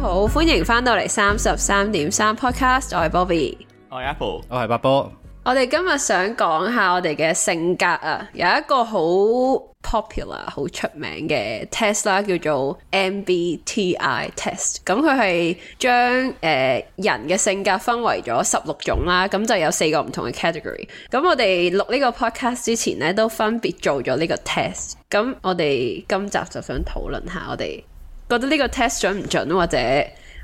好，歡迎翻到嚟三十三點三 podcast，我係 Bobby，我係 Apple，我係 8Ball。我哋今日想講下我哋嘅性格啊，有一個好 popular、好出名嘅 test 啦，叫做 MBTI test。咁佢係將誒人嘅性格分為咗十六種啦，咁、嗯、就有四個唔同嘅 category。咁、嗯、我哋錄呢個 podcast 之前咧，都分別做咗呢個 test。咁、嗯、我哋今集就想討論下我哋。覺得呢個 test 準唔準，或者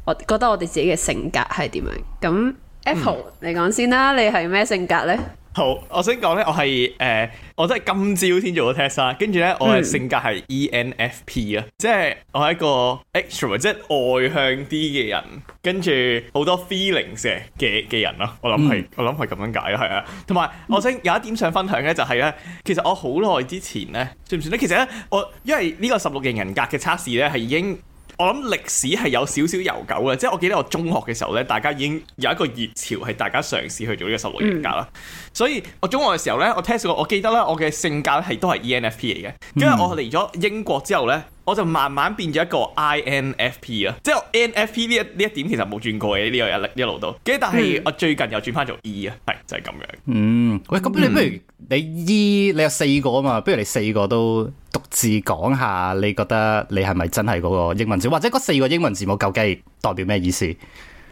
我覺得我哋自己嘅性格係點樣？咁 Apple，嗯，你講先啦，你係咩性格呢？好，我想講咧、呃，我係誒，我真係今朝先做咗 test 啦，跟住咧，我嘅性格係 ENFP 啊，即係我係一個 extra，即係外向啲嘅人，跟住好多 feelings 嘅嘅人咯，我諗係，我諗係咁樣解咯，係啊。同埋，我想有一點想分享咧，就係咧，其實我好耐之前咧，算唔算咧？其實咧，我因為呢個十六型人格嘅測試咧，係已經我諗歷史係有少少悠久嘅，即係我記得我中學嘅時候咧，大家已經有一個熱潮係大家嘗試去做呢個十六型人格啦。嗯所以我中學嘅時候呢，我 test 過，我記得呢，我嘅性格呢係都係 ENFP 嚟嘅。因為、嗯、我嚟咗英國之後呢，我就慢慢變咗一個 INFP 啊，即係 NFP 呢一呢一點其實冇轉過嘅呢個一一路都。跟住但係我最近又轉翻做 E 啊、嗯，係就係、是、咁樣。嗯，喂，咁你不如你 E 你有四個啊嘛？不如你四個都獨自講下，你覺得你係咪真係嗰個英文字，或者嗰四個英文字母究竟代表咩意思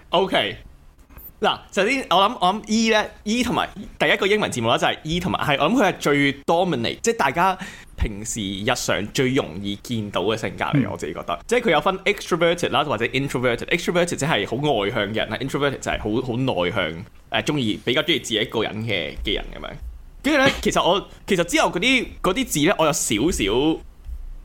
？OK。嗱，首先我諗我諗 E 咧，E 同埋第一個英文字母咧就係 E 同埋，係我諗佢係最 dominant，即係大家平時日常最容易見到嘅性格嚟嘅。我自己覺得，即係佢有分 extroverted 啦，或者 introverted。extroverted 即係好外向嘅人啊，introverted 就係好好內向，誒中意比較中意自己一個人嘅嘅人咁樣。跟住咧，其實我其實之後嗰啲嗰啲字咧，我有少少。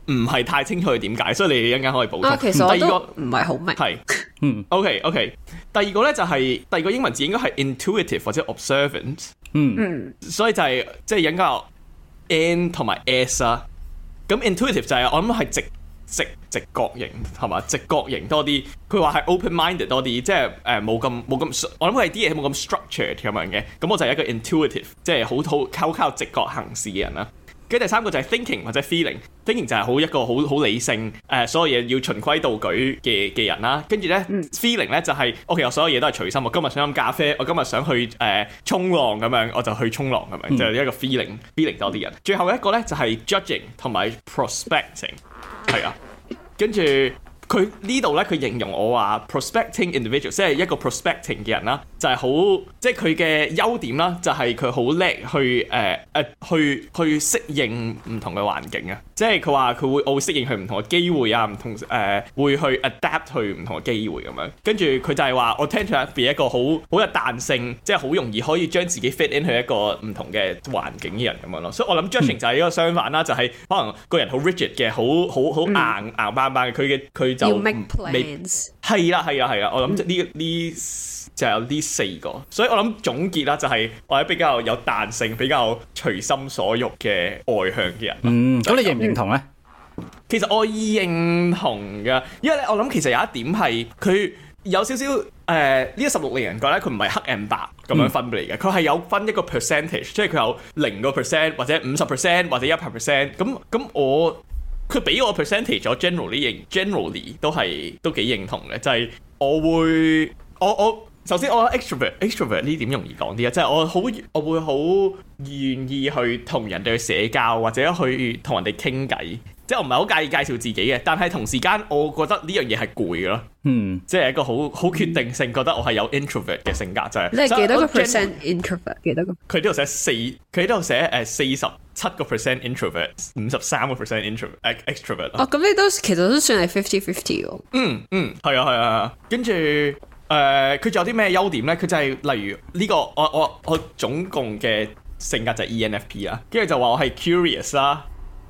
唔係太清楚佢點解，所以你一陣間可以補充。啊，其實我都唔係好明。係，嗯，OK，OK。第二個咧就係、是、第二個英文字應該係 intuitive 或者 observant。嗯嗯。所以就係即係引教 N 同埋 S 啊。咁 intuitive 就係、是、我諗係直直直覺型係嘛，直覺型多啲。佢話係 open minded 多啲，即係誒冇咁冇咁我諗係啲嘢，冇咁 structured 咁樣嘅。咁我就係一個 intuitive，即係好討靠靠直覺行事嘅人啦、啊。跟住第三個就係 thinking 或者 feeling，thinking 就係好一個好好理性誒、呃，所有嘢要循規蹈矩嘅嘅人啦。跟住呢、mm. feeling 呢就係、係，OK，我所有嘢都係隨心，我今日想飲咖啡，我今日想去誒衝、呃、浪咁樣，我就去衝浪咁樣，就係、一個 feeling，feeling、mm. 多啲人。最後一個呢就係、係、judging 同埋 prospecting，係 啊，跟住。佢呢度咧，佢形容我話 prospecting individual，即係一個 prospecting 嘅人啦，就係好即係佢嘅優點啦，就係佢好叻去誒誒去去適應唔同嘅環境啊，即係佢話佢會我會適應佢唔同嘅機會啊，唔同誒、呃、會去 adapt 去唔同嘅機會，咁樣跟住佢就係話我 tend to be 一個好好有彈性，即係好容易可以將自己 fit in 去一個唔同嘅環境嘅人咁樣咯。所以我諗 judging 就係一個相反啦，嗯、就係可能個人好 rigid 嘅，好好好硬、嗯、硬斑斑嘅，佢嘅佢。要 make plans。係啦，係啊，係啊，我諗呢呢就有呢四個，所以我諗總結啦，就係、是、我係比較有彈性、比較隨心所欲嘅外向嘅人。嗯，咁以你認唔認同呢、嗯？其實我認同嘅，因為咧，我諗其實有一點係佢有少少誒，呢十六型人格咧，佢唔係黑 and 白咁樣分嚟嘅，佢係、嗯、有分一個 percentage，即係佢有零個 percent 或者五十 percent 或者一百 percent。咁咁我。佢俾我 percentage，我 generally 認，generally 都係都幾認同嘅，就係我會我我首先我 extrovert，extrovert 呢點容易講啲啊，即係我好我會好願意去同人哋去社交或者去同人哋傾偈，即係我唔係好介意介紹自己嘅，但係同時間我覺得呢樣嘢係攰咯。嗯，即係一個好好決定性，覺得我係有 introvert 嘅性格就係、是。你係幾多個 per 以我 percent introvert？幾多個？佢呢度寫四，佢呢度寫誒四十七個 percent introvert，五十三個 percent intro 誒 extrovert。extrovert，哦，咁你都其實都算係 fifty fifty 哦。嗯嗯，係啊係啊，跟住誒佢仲有啲咩優點咧？佢就係、是、例如呢、這個，我我我，我總共嘅性格就係 ENFP 啊，跟住就話我係 curious 啦。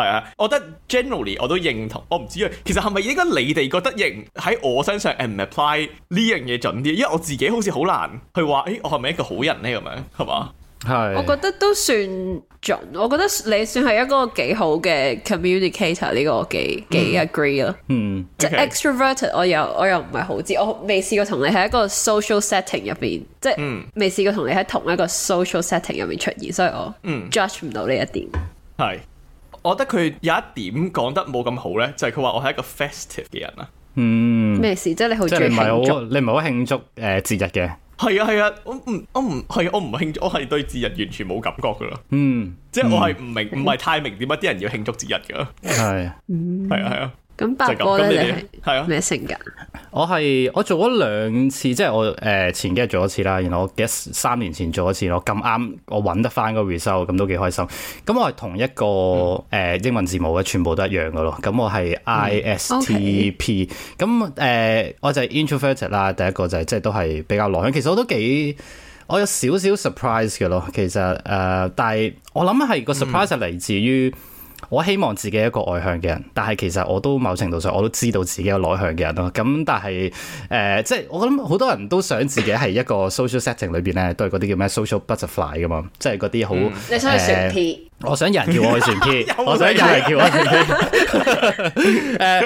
係啊，我覺得 generally 我都認同。我唔知啊，其實係咪應該你哋覺得認喺我身上 and apply 呢樣嘢準啲？因為我自己好似好難去話，誒、欸，我係咪一個好人呢？咁樣係嘛？係。是 我覺得都算準。我覺得你算係一個幾好嘅 communicator。呢個我幾幾 agree 咯、嗯。嗯。Okay, 即 extroverted，我又我又唔係好知。我未試過同你喺一個 social setting 入邊，即係未試過同你喺同一個 social setting 入面出現，嗯、所以我嗯 judge 唔到呢一點。係、嗯。我覺得佢有一點講得冇咁好咧，就係佢話我係一個 festive 嘅人啊。嗯。咩事？即係你好。你唔係好，你唔係好慶祝誒節日嘅。係啊係啊，我唔我唔係、啊、我唔慶祝，我係對節日完全冇感覺噶咯。嗯。即係我係唔明，唔係 太明點解啲人要慶祝節日噶。係。係啊。咁八哥，咧你係咩性格？我係我做咗兩次，即係我誒、呃、前幾日做一次啦，然後我 guess 三年前做一次咯。咁啱我搵得翻個 result，咁都幾開心。咁我係同一個誒、嗯呃、英文字母嘅，全部都一樣噶咯。咁我係 ISTP，咁誒我就係 introverted 啦。第一個就係、是、即係都係比較內向。其實我都幾我有少少 surprise 嘅咯。其實誒、呃，但係我諗係個 surprise 係嚟自於。嗯我希望自己一個外向嘅人，但係其實我都某程度上我都知道自己有內向嘅人咯。咁但係誒、呃，即係我諗好多人都想自己係一個 social setting 裏邊咧，都係嗰啲叫咩 social butterfly 噶嘛，即係嗰啲好。嗯呃、你想去船 P？我想有人叫我去船 P。 我想有人叫我去船 P。 呃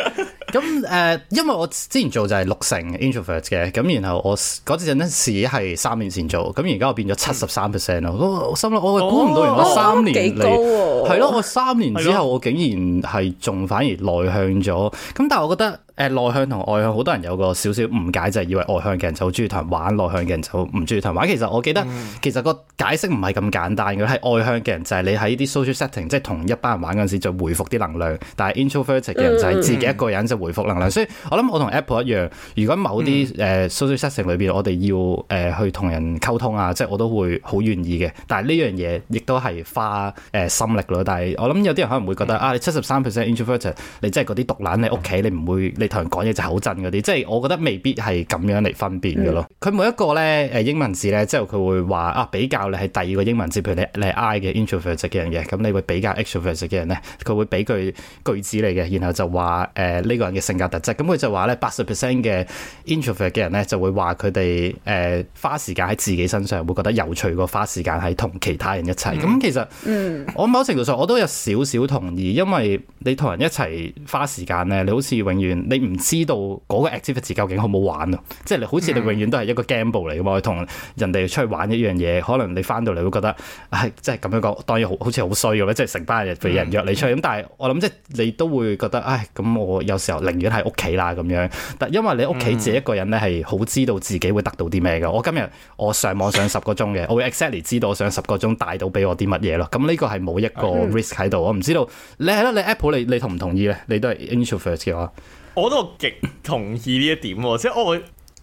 咁誒、嗯，因為我之前做就係六成 introvert 嘅，咁然後我嗰陣咧時係三年前做，咁而家我變咗七十三 percent 咯，我心諗我估唔到原來我三年嚟，係咯，我三年之後的我竟然係仲反而內向咗，咁但係我覺得。誒內向同外向好多人有個少少誤解，就係、是、以為外向嘅人就好中意同人玩，內向嘅人就唔中意同人玩。其實我記得、嗯、其實個解釋唔係咁簡單嘅，係外向嘅人就係你喺啲 social setting，即係同一班人玩嗰陣時就回復啲能量，但係 introvert 嘅人就係自己一個人就回復能量。嗯嗯、所以我諗我同 Apple 一樣，如果某啲誒 social setting 裏邊我哋要誒、呃、去同人溝通啊，即、就、係、是、我都會好願意嘅。但係呢樣嘢亦都係花誒心力咯。但係我諗有啲人可能會覺得啊，你七十三 percent introvert，你即係嗰啲毒撚你屋企，你唔會。你同人講嘢就好震嗰啲，即係我覺得未必係咁樣嚟分辨嘅咯。佢、mm. 每一個咧，誒英文字咧，之後佢會話啊，比較你係第二個英文字，譬如你你係 I 嘅 introvert 嘅人嘅，咁你會比較 extrovert 嘅人咧，佢會俾句句子嚟嘅，然後就話誒呢個人嘅性格特質，咁、嗯、佢就話咧，八十 percent 嘅 introvert 嘅人咧就會話佢哋誒花時間喺自己身上會覺得有趣過花時間喺同其他人一齊。咁、mm. 嗯、其實我某程度上我都有少少同意，因為你同人一齊花時間咧，你好似永遠。你唔知道嗰個 activity 究竟好唔好玩咯。即係你好似你永遠都係一個 gamble 嚟嘅嘛，同人哋出去玩一樣嘢，可能你翻到嚟會覺得，唉即係咁樣講，當然好好似好衰咁，咯，即係成班人俾人約你出去。咁但係我諗即係你都會覺得，唉，咁我有時候寧願喺屋企啦咁樣。但因為你屋企自己一個人咧，係好知道自己會得到啲咩嘅。我今日我上網上十個鐘嘅，我會 exactly 知道我上十個鐘帶到俾我啲乜嘢咯。咁呢個係冇一個 risk 喺度，我唔知道。你係啦，你 Apple 你，你同唔同意咧？你都係 introvert 嘅話。我都極同意呢一點喎，即係我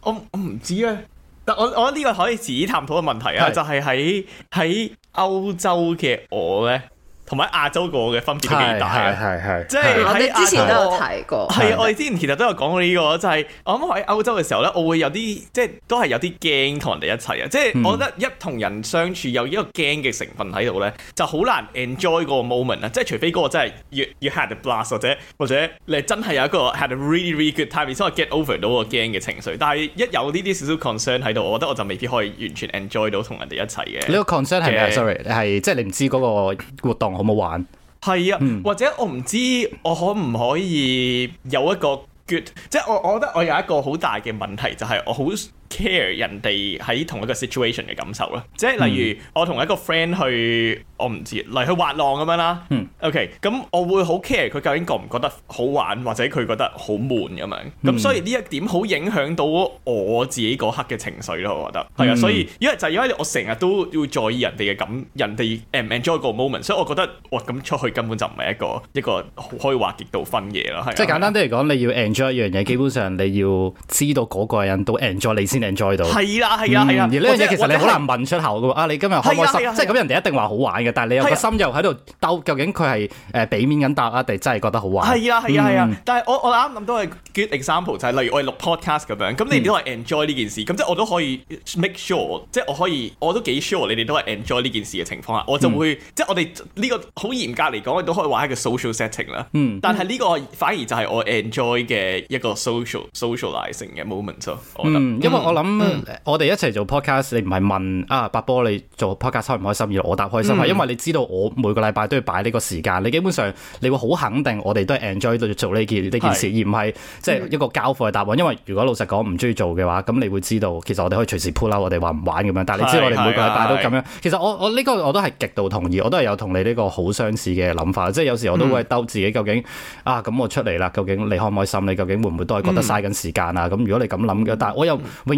我我唔知咧、啊，但係我我覺得呢個可以自己探討嘅問題啊，是就係喺喺歐洲嘅我咧。同埋亞洲個嘅分別幾大嘅，即係我哋之前都有提過。係， 我哋之前其實都有講過呢、這個，就係、是、我諗喺歐洲嘅時候咧，我會有啲即係都係有啲驚同人哋一齊啊！即係我覺得一同人相處有呢個驚嘅成分喺度咧，就好難 enjoy 個 moment 啊！即係除非嗰個真係要越 had a blast，或者或者你真係有一個 had a really really good time，而且我 get over 到個驚嘅情緒。但係一有呢啲少少 concern 喺度，我覺得我就未必可以完全 enjoy 到同人哋一齊嘅。呢個 concern 係咩？s o r r y 係即係你唔知嗰個活動。有冇玩？係啊，或者我唔知我可唔可以有一個，good，即係我我覺得我有一個好大嘅問題，就係、是、我好。care 人哋喺同一個 situation 嘅感受啦，即係例如我同一個 friend 去，我唔知，嚟去滑浪咁樣啦。嗯。OK，咁我會好 care 佢究竟覺唔覺得好玩，或者佢覺得好悶咁樣，咁、嗯、所以呢一點好影響到我自己嗰刻嘅情緒咯。我覺得係啊、嗯，所以因為就因為我成日都要在意人哋嘅感，人哋 enjoy 個 moment，所以我覺得哇，咁出去根本就唔係一個一個可以話極度分嘢咯，係，即係簡單啲嚟講你要 enjoy 一樣嘢，基本上你要知道嗰個人都 enjoy 你先。 enjoy 到係啦係啦係啦，而呢啲嘢其實你好難問出口噶。啊，你今日開唔開心即係咁？人哋一定話好玩嘅，但係你有個心又喺度斗究竟佢係誒俾面咁答啊，定真係覺得好玩？係啊係啊係啊！但係我我啱諗到個 good example 就係例如我哋錄 podcast 咁樣，咁你哋都係 enjoy 呢件事，咁即係我都可以 make sure，即係我可以我都幾 sure 你哋都係 enjoy 呢件事嘅情況下，我就會即係我哋呢個好嚴格嚟講，我都可以玩一個 social setting 啦。但係呢個反而就係我 enjoy 嘅一個 social socializing 嘅 moment 咯。我覺得。嗯，因為我。我諗我哋一齊做 podcast，你唔係問啊八波你做 podcast 開唔開心，而我答開心啊，嗯、因為你知道我每個禮拜都要擺呢個時間，你基本上你會好肯定我哋都係 enjoy 到做呢件呢件事，是而唔係即係一個交付嘅答案。因為如果老實講唔中意做嘅話，咁你會知道其實我哋可以隨時 pull 啦，我哋話唔玩咁樣。但係你知道我哋每個禮拜都咁樣，其實我我呢個我都係極度同意，我都係有同你呢個好相似嘅諗法。即係有時我都會兜自己究竟啊，咁我出嚟啦，究竟你開唔開心？你究竟會唔會都係覺得嘥緊時間、嗯、啊？咁如果你咁諗嘅，但係我又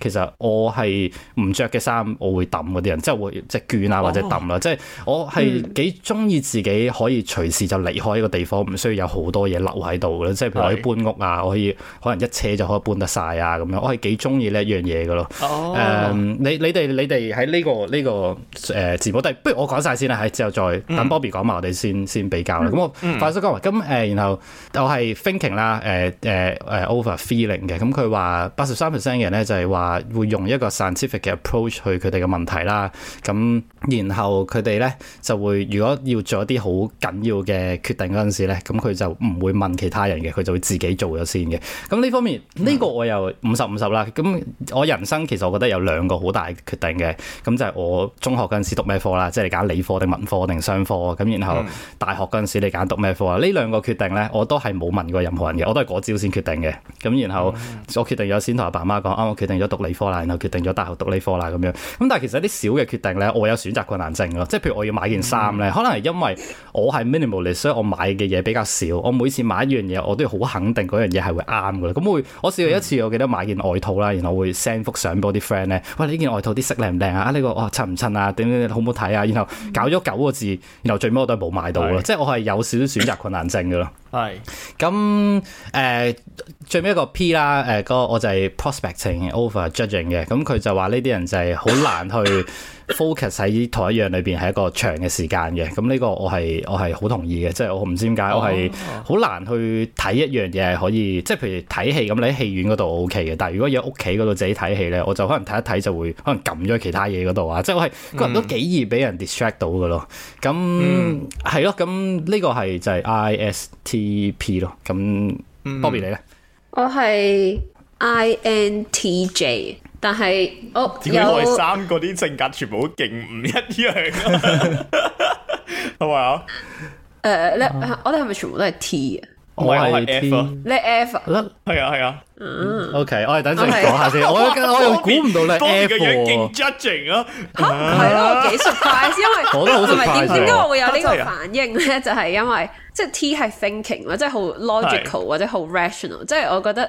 其實我係唔着嘅衫，我會揼嗰啲人，即、就、係、是、會即係捐啊，或者揼啦。哦、即係我係幾中意自己可以隨時就離開一個地方，唔、嗯、需要有好多嘢留喺度嘅。即係我可以搬屋啊，我可以，是我可，以可能一車就可以搬得晒啊咁樣。我係幾中意呢一樣嘢嘅咯。哦，嗯、你你哋你哋喺呢個呢、這個誒、呃、字不如我講晒先啦，喺之後再等 Bobby 講埋我哋先先比較啦。咁、嗯、我快速講埋。咁誒、呃，然後我係 thinking 啦，誒誒誒 over feeling 嘅。咁佢話八十三 percent 嘅人咧、就是，人就係、是、話。啊，會用一個 scientific 嘅 approach 去佢哋嘅問題啦。咁然後佢哋咧就會，如果要做一啲好緊要嘅決定嗰陣時咧，咁佢就唔會問其他人嘅，佢就會自己做咗先嘅。咁呢方面呢，呢個我又五十五十啦。咁我人生其實我覺得有兩個好大決定嘅，咁就係我中學嗰陣時讀咩科啦，即係你揀理科定文科定商科。咁然後大學嗰陣時你揀讀咩科啊？呢兩個決定咧，我都係冇問過任何人嘅，我都係嗰招先決定嘅。咁然後我決定咗先同阿爸媽講，我決定咗讀理科啦，然後決定咗大學讀理科啦，咁樣。咁但係其實啲小嘅決定咧，我有選擇困難症咯。即係譬如我要買件衫咧，可能係因為我係 minimalist，所以我買嘅嘢比較少。我每次買一樣嘢，我都好肯定嗰樣嘢係會啱噶啦。咁會我試過一次，我記得買件外套啦，然後會我會 send 幅相俾我啲 friend 咧。喂，你呢件外套啲色靚唔靚啊？呢、這個哇襯唔襯啊？點點點好唔好睇啊？然後搞咗九個字，然後最尾我都係冇買到咯。對即係我係有少少選擇困難症噶。係，咁誒是、呃、最尾一個 P 啦，呃，誒個我就係 prospecting over judging 嘅，咁佢就話呢啲人就係好難去 focus 喺同一樣裏邊係一個長嘅時間嘅，咁呢個我係我係好同意嘅，即係我唔知點解、oh、我係好難去睇一樣嘢係可以，即係譬如睇戲咁，你喺戲院嗰度 OK 嘅，但係如果喺屋企嗰度自己睇戲咧，我就可能睇一睇就會可能撳咗其他嘢嗰度啊，即係我係個、mm. 人都幾易俾人 distract 到嘅咯。咁係、mm. 咯，咁呢個係就係 ISTP 咯。咁，Bobby、mm. 你咧呢，我係 INTJ。但係點解我哋三嗰啲性格全部都勁唔一樣，係嘛？誒咧，我哋係咪全部都係 T 啊？我係 F 啊，你 F，係啊係啊，嗯。OK，我哋等陣講下先。我我又估唔到咧 F 喎。你個樣勁 judging 啊。吓，係咯，幾 surprise？因為講得好快。點點解我會有呢個反應咧？就係因為即係 T 係 thinking，即係好 logical 或者好 rational，即係我覺得。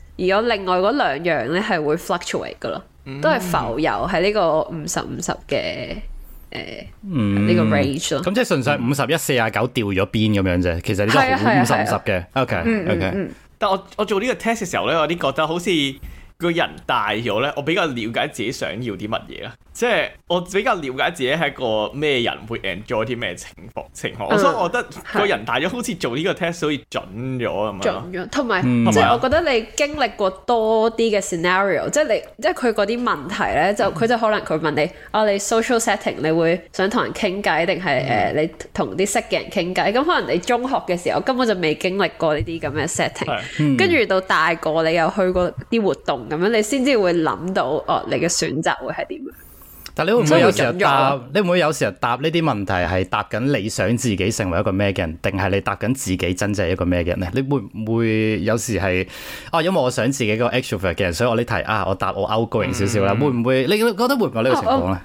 而我另外嗰兩樣咧係會 fluctuate 噶咯，都係浮遊喺呢個五十五十嘅誒呢個 range 咯。咁、嗯、即係純粹五十一四啊九掉咗邊咁樣啫，其實呢個係五十五十嘅。OK，OK。啊、但我我做呢個 test 嘅時候咧，我有啲覺得好似個人大咗咧，我比較了解自己想要啲乜嘢啦。即係我比較了解自己係一個咩人，會 enjoy 啲咩情況情況，所以我覺得個人大咗好似做呢個 test 好似準咗咁樣，準咗同埋即係我覺得你經歷過多啲嘅 scenario，即係你即係佢嗰啲問題咧，就佢就可能佢問你啊，你 social setting，你會想同人傾偈定係誒你同啲識嘅人傾偈？咁可能你中學嘅時候根本就未經歷過呢啲咁嘅 setting，跟住到大個你又去過啲活動咁樣，你先至會諗到哦，你嘅選擇會係點？但你會唔會有時候答？你會唔會有時候答呢啲問題係答緊你想自己成為一個咩嘅人，定係你答緊自己真正一個咩嘅人咧？你會唔會有時係啊？因為我想自己個 extrovert 嘅人，所以我呢題啊，我答我 outgoing 少少啦。會唔會你覺得會唔會呢個情況咧？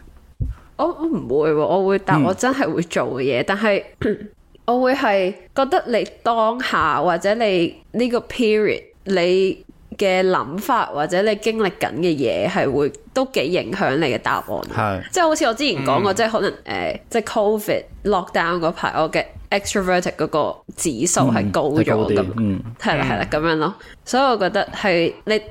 我唔會、啊，我會答我真係會做嘅嘢，但係 我會係覺得你當下或者你呢個 period 你嘅諗法或者你經歷緊嘅嘢，係會都幾影響你嘅答案、啊，是即係好似我之前講過，嗯、即係可能誒、呃，即係 Covid lockdown 嗰排，我嘅 extrovert 嗰個指數係高咗咁、那個，係啦係啦咁樣咯，所以我覺得係你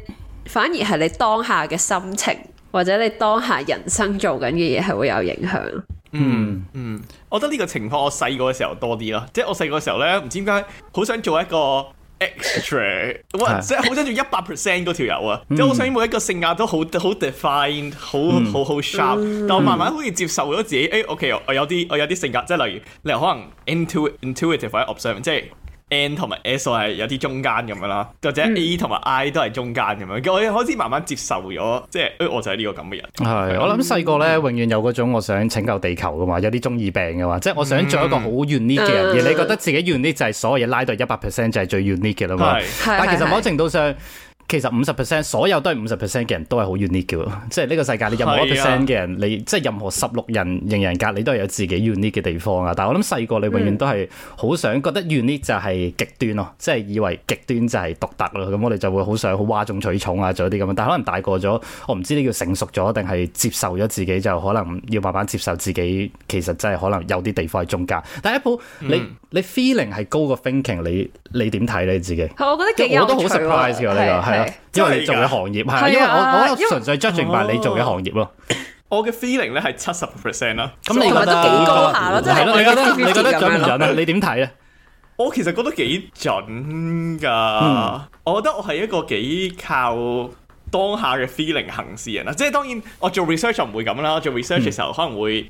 反而係你當下嘅心情或者你當下人生做緊嘅嘢係會有影響。嗯嗯，我覺得呢個情況我細個嘅時候多啲咯，即、就、係、是、我細個嘅時候咧，唔知點解好想做一個。extra，哇，即係好想做一百 percent 嗰條油啊！即係我想每一個性格都好好 defined，好好好 sharp，但係慢慢好似接受咗自己，誒，OK，我有啲我有啲性格，即係例如你可能 intuitive 或者 observant，即係。N 同埋 S 我係有啲中間咁樣啦，或者 A 同埋 I 都係中間咁樣，嗯、我開始慢慢接受咗，即係，誒、哎，我就係呢個咁嘅人。係是，對我諗細個咧，永遠有嗰種我想拯救地球嘅嘛，有啲中二病嘅嘛，即係我想做一個好 unique 嘅人，嗯、而你覺得自己 unique 就係所有嘢，拉到一百 percent 就係、是、最 unique 嘅啦嘛。係是，但係其實某程度上。其實五十 percent，所有都係五十 percent 嘅人都係好 unique 嘅咯，即係呢個世界你任何一 percent 嘅人，是啊、你即係任何十六人型人格，你都係有自己 unique 嘅地方啊！但係我諗細個你永遠都係好想、嗯、覺得 unique 就係極端咯，即係以為極端就係獨特咯，咁我哋就會好想好嘩眾取寵啊，做一啲咁啊！但係可能大個咗，我唔知呢個成熟咗定係接受咗自己，就可能要慢慢接受自己，其實真係可能有啲地方係中間。但阿 Po，你你 feeling 係高過 thinking，你你點睇你自己？嗯、我覺得幾有趣啊！我都好 surprise 呢個因為你做嘅行業係，的的因為我因為我純粹 judging 埋你做嘅行業咯、啊。我嘅 feeling 咧係七十 percent 啦。咁你覺得幾高下咯？即係的你覺得準唔準啊？你點睇啊？我其實覺得幾準噶。嗯、我覺得我係一個幾靠當下嘅 feeling 行事人啦。即係當然我、er，我做 research 唔、er、會咁啦。我做 research 嘅時候可能會。嗯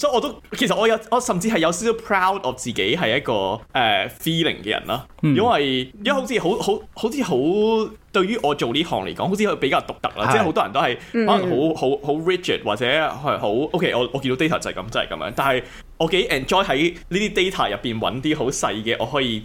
所以我都其實我有我甚至係有少少 proud of 自己係一個誒、uh, feeling 嘅人啦，因為、嗯、因為好似好好好似好對於我做呢行嚟講，好似比較獨特啦，即係好多人都係可能、嗯、好好好 rigid 或者係好 OK，我我見到 data 就係咁就係、是、咁樣，但係我幾 enjoy 喺呢啲 data 入邊搵啲好細嘅我可以。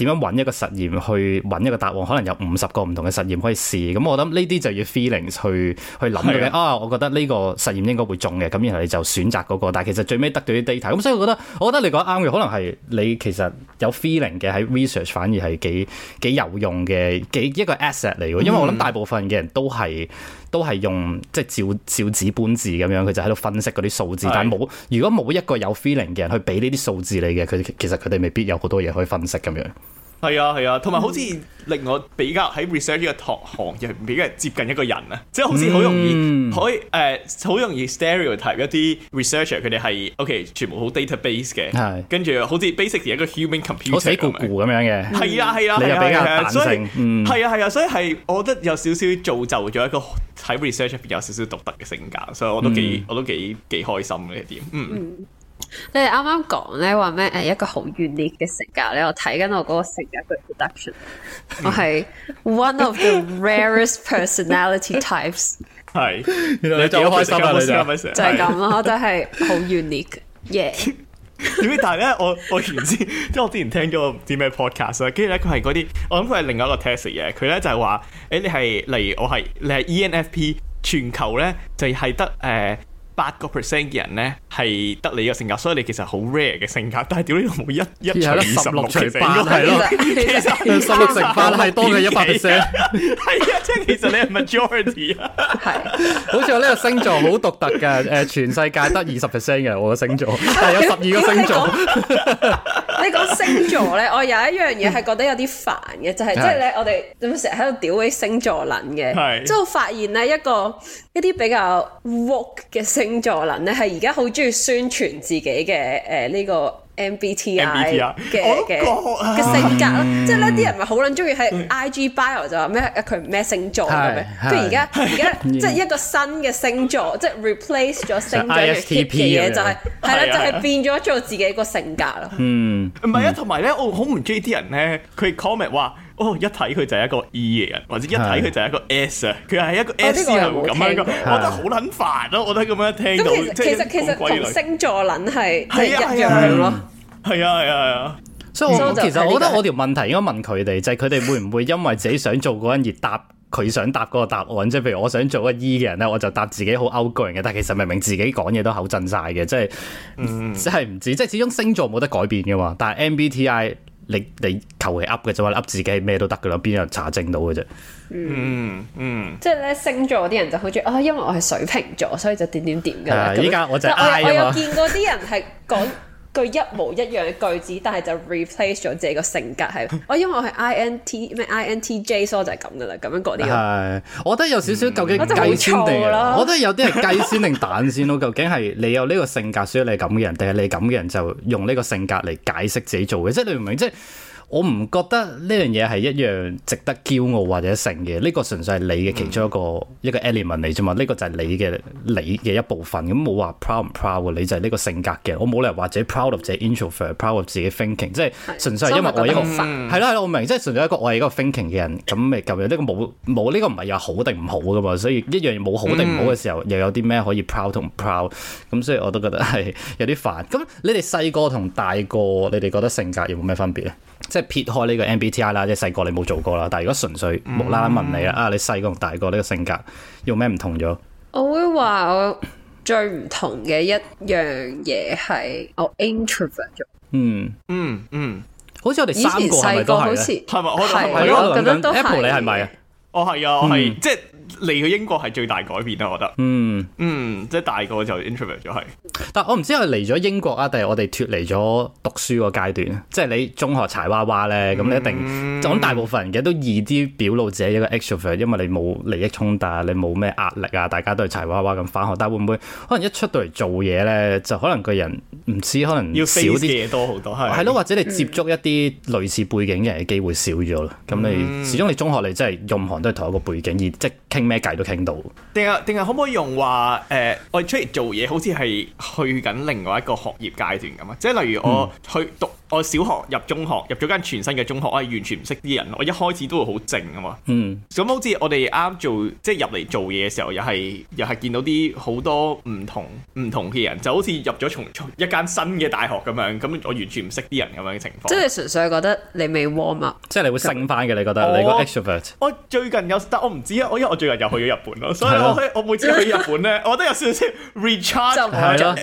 點樣揾一個實驗去揾一個答案？可能有五十個唔同嘅實驗可以試。咁我諗呢啲就要 feelings 去去諗嘅。啊的、哦，我覺得呢個實驗應該會中嘅。咁然後你就選擇嗰、那個。但係其實最尾得到啲 data。咁所以我覺得，我覺得你講啱嘅。可能係你其實有 feelings 嘅喺 research，反而係幾幾有用嘅，幾一個 asset 嚟嘅。因為我諗大部分嘅人都係。都係用即係照照紙搬字咁樣，佢就喺度分析嗰啲數字，是的 但係冇如果冇一個有 feeling 嘅人去俾呢啲數字你嘅，佢其實佢哋未必有好多嘢可以分析咁樣。係啊係啊，同商埋務好似令我比較喺 research 呢個行業比較接近一個人啊，即係好似好容易可以誒好、嗯 uh, 容易 stereotype 一啲 researcher，佢哋係 OK 全部好 database 嘅，跟住好似 basic 而一個 human computer 死估估咁樣嘅，係啊係啊，你就比較懶係啊係啊，所以係我覺得有少少造就咗一個。喺 research 入邊有少少獨特嘅性格，所以我都幾，我都幾幾開心呢一點。嗯，你哋啱啱講咧話咩？誒一個好 unique 嘅性格，你又睇緊我嗰個性格嘅 production。我係 one of the rarest personality types。係，原來你就好開心啊！你就就係咁咯，就係好 unique。Yeah。點解？ 但係咧，我我唔知，即係我之前聽咗唔知咩 podcast 啦。跟住咧佢係嗰啲，我諗佢係另外一個 test 嘅，佢咧就係、是、話，誒、欸、你係例如我係你係 ENFP，全球咧就係、是、得誒。呃八個 percent 嘅人咧係得你嘅性格，所以你其實好 rare 嘅性格。但係屌你都冇一一除十六除八係咯，其實十六乘八係多嘅一百 percent。係啊，即係其實你係 majority 啊。係，好似我呢個星座好獨特嘅，誒，全世界得二十 percent 嘅我嘅星座。但係有十二個星座。你講星座咧，我有一樣嘢係覺得有啲煩嘅，就係即係咧，我哋咁成日喺度屌啲星座論嘅，之後發現咧一個一啲比較 woke 嘅星。星座能咧，係而家好中意宣傳自己嘅誒呢個 MBTI 嘅嘅嘅性格咯，即係咧啲人咪好撚中意喺 IG bio 就話咩佢咩星座咁樣，跟住而家而家即係一個新嘅星座，即係 replace 咗星座嘅嘢，就係係啦，就係變咗做自己個性格咯。嗯，唔係啊，同埋咧，我好唔中意啲人咧，佢 comment 話。Oh, 一睇佢就係一個 E 嘅人，或者一睇佢就係一個 S 啊，佢係一個 S 型咁樣嘅，覺的我覺得好撚煩咯，我覺得咁樣聽到。其實其實星座撚係即係一樣咯，係啊係啊係啊。嗯、所以我、嗯、其實我覺得我條問題應該問佢哋，就係佢哋會唔會因為自己想做嗰樣而答佢想答嗰個答案？即係譬如我想做個 E 嘅人咧，我就答自己好 outgoing 嘅，但係其實明明自己講嘢都口震晒嘅，即係、嗯，即係唔知，即係始終星座冇得改變嘅嘛。但係 MBTI。你你求其噏嘅啫嘛，噏自己係咩都得噶啦，邊有查證到嘅啫？嗯嗯，即係咧星座啲人就好中意啊，因為我係水瓶座，所以就點點點噶。依家我就我有，I 我有見過啲人係講，句一模一樣嘅句子，但係就 replace 咗自己個性格係，我因為我係 I N T 咩 I N T J，所以我就係咁噶啦，咁樣講啲、這個。係、 嗯，我覺得有少少究竟雞先定？我覺，我覺得有啲人雞先定蛋先咯。 究竟係你有呢個性格，所以你咁嘅人，定係你咁嘅人就用呢個性格嚟解釋自己做嘅？即係你明唔明？即係。我唔覺得呢樣嘢係一樣值得驕傲或者成嘅。呢、這個純粹係你嘅其中一個一個 element 嚟啫嘛。呢個就係你嘅你嘅一部分，咁冇話 proud 唔 proud 你就係呢個性格嘅。我冇理由話自己 proud of 自己 introvert，proud of 自己 thinking，即係純粹係因為我一個係啦係啦，我明即係純粹一個我係一個 thinking 嘅人咁咪咁樣。呢、這個冇冇呢個唔係又好定唔好噶嘛，所以一樣嘢冇好定唔好嘅時候、嗯、又有啲咩可以 proud 同唔 proud 咁，所以我都覺得係有啲煩。咁你哋細個同大個，你哋覺得性格有冇咩分別咧？即係撇開呢個 MBTI 啦，即係細個你冇做過啦。但係如果純粹冇啦啦問你啦，啊你細個同大個呢個性格用咩唔同咗？我會話我最唔同嘅一樣嘢係我 introvert 咗。嗯嗯嗯，好似我哋三個係咪係咧？係咪我同佢覺得都係 apple？你係咪啊？我係啊，我係即係。嚟去英國係最大改變啊！我覺得，嗯嗯，即係大個就 introvert 咗係，但我唔知係嚟咗英國啊，定係我哋脫離咗讀書個階段。即係你中學柴娃娃咧，咁、嗯、你一定，就我諗大部分人嘅都易啲表露自己一個 extrovert，因為你冇利益衝突啊，你冇咩壓力啊，大家都係柴娃娃咁返學。但係會唔會可能一出到嚟做嘢咧，就可能個人唔知，可能少要少啲嘢多好多係，係咯是，或者你接觸一啲類似背景嘅人嘅機會少咗啦。咁、嗯、你始終你中學你真係用行都係同一個背景，而即傾咩偈都傾到，定係定係可唔可以用話？誒、呃，我哋出嚟做嘢好似係去緊另外一個學業階段咁啊！即係例如我去讀。嗯我小學入中學入咗間全新嘅中學，我係完全唔識啲人，我一開始都會好靜啊嘛。嗯，咁好似我哋啱做即係入嚟做嘢嘅時候，又係又係見到啲好多唔同唔同嘅人，就好似入咗從，從一間新嘅大學咁樣。咁我完全唔識啲人咁樣嘅情況。即係純粹覺得你未 warm 啊！即係你會升翻嘅，你覺得你、嗯、你，覺得你個 extrovert？我，我最近有，但我唔知啊。我因為我最近又去咗日本咯， 所以我每次去日本咧， 我都有少少 recharge。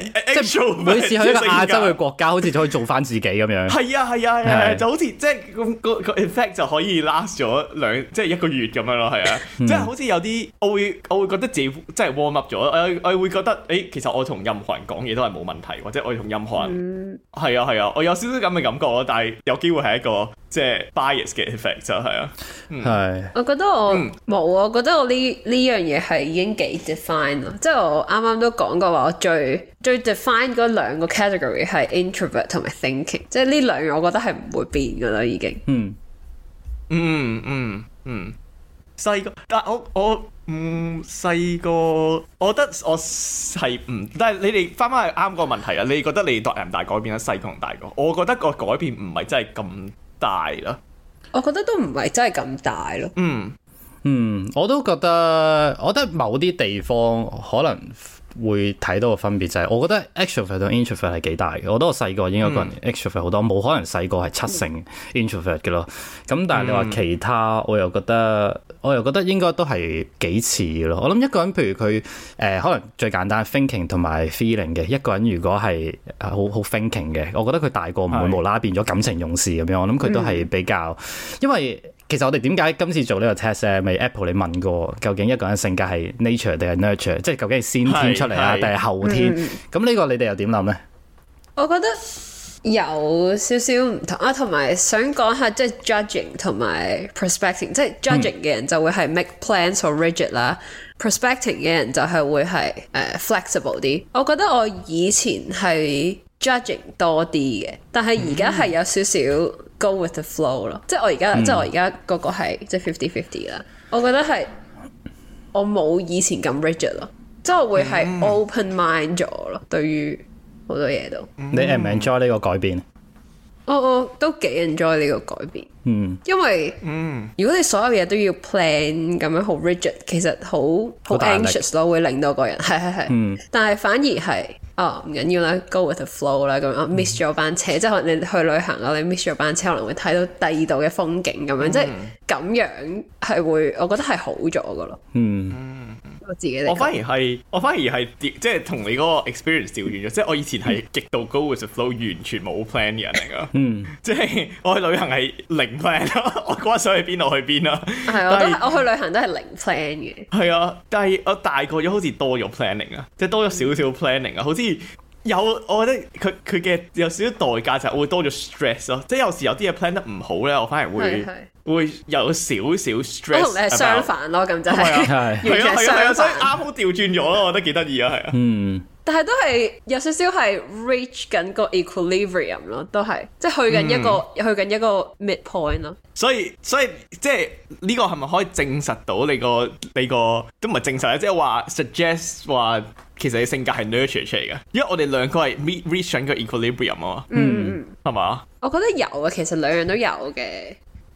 每次去一個亞洲嘅國家， 好似可以做翻自己咁樣。係啊係啊係啊，就好似即係咁個 effect 就可以 last 咗兩即係一個月咁樣咯，係啊，即係好似有啲我會我會覺得自己即係 warm up 咗，我我會覺得誒，其實我同任何人講嘢都係冇問題，或者我同任何人係啊係啊，我有少少咁嘅感覺咯，但係有機會係一個即係 bias 嘅 effect 就係啊，係，我覺得我冇啊，我覺得我呢呢樣嘢係已經幾 define 咯，即係我啱啱都講過話我最。最 define 嗰兩個 category 係 introvert 同埋 thinking，即係呢兩樣我覺得係唔會變噶啦，已經嗯。嗯嗯嗯嗯，細、嗯、個但我我唔細、嗯、個，我覺得我係唔、嗯，但係你哋翻翻去啱個問題啊！你覺得你人大唔大改變啊？細同大個，我覺得個改變唔係真係咁大咯。我覺得都唔係真係咁大咯。嗯嗯，我都覺得，我覺得某啲地方可能。會睇到個分別就係、是，我覺得 extrovert 同 introvert 係幾大嘅。我覺得我細個應該個人 extrovert 好多，冇、嗯、可能細個係七成 introvert 嘅咯。咁但係你話其他，我又覺得我又覺得應該都係幾似咯。我諗一個人譬如佢誒、呃，可能最簡單 thinking 同埋 feeling 嘅一個人，如果係好好 thinking 嘅，我覺得佢大個唔會無啦啦變咗感情用事咁樣。是我諗佢都係比較，因為。其實我哋點解今次做呢個 test 咧？咪 Apple 你問過，究竟一個人性格係 nature 定係 nurture，即係究竟係先天出嚟啊，定係是是 後天？咁呢、嗯、個你哋又點諗呢？我覺得有少少唔同啊，同埋想講下即係、就是、judging 同埋 prospecting，即係 judging 嘅人就會係 make plans or rigid 啦、嗯、，prospecting 嘅人就係會係誒 flexible 啲。我覺得我以前係。judging 多啲嘅，但係而家係有少少 go with the flow 咯，即係我而家，嗯、即係我而家個個係即係 fifty fifty 啦。我覺得係我冇以前咁 rigid 咯，即係我會係 open mind 咗咯，嗯、對於好多嘢都。你 enjoy 呢個改變？我我都幾 enjoy 呢個改變，嗯，因為嗯，如果你所有嘢都要 plan 咁樣好 rigid，其實好好 anxious 咯，會令到個人係係係， 但係反而係。哦，唔緊要啦，go with the flow 啦，咁樣、我、miss 咗班車，mm. 即係可能你去旅行咯，你 miss 咗班車可能會睇到第二度嘅風景咁樣，即係咁樣係會，我覺得係好咗噶咯。嗯。Mm. 我自己我，我反而係，我反而係即係同你嗰個 experience 調轉咗，即係我以前係極度 go with the flow，完全冇 plan 嘅人嚟㗎嗯， 即係我去旅行係零 plan， 我嗰日想去邊我去邊啦，係我、啊、是都我去旅行都係零 plan 嘅，係啊，但係我大個咗好似多咗 planning 啊，即係多咗少少 planning 啊、嗯，好似。有，我覺得佢佢嘅有少少代價就係會多咗 stress 咯，即係有時有啲嘢 plan 得唔好咧，我反而會係係會有少少 stress。我同你係相反咯，咁就係係啊係啊， 啊，啊，啊，啊。所以啱好調轉咗咯，我覺得幾得意啊係啊。嗯但係都係有少少係 reach 緊個 equilibrium 咯，都係即係去緊一個、嗯、去緊一個 midpoint 咯。所以所以即係呢、這個係咪可以證實到你個你個都唔係證實咧，即係話 suggest 話其實你性格係 nurture 出嚟嘅，因為我哋兩個係 meet re reach 緊個 equilibrium 啊嘛，嗯係嘛？嗯、吧我覺得有啊，其實兩樣都有嘅。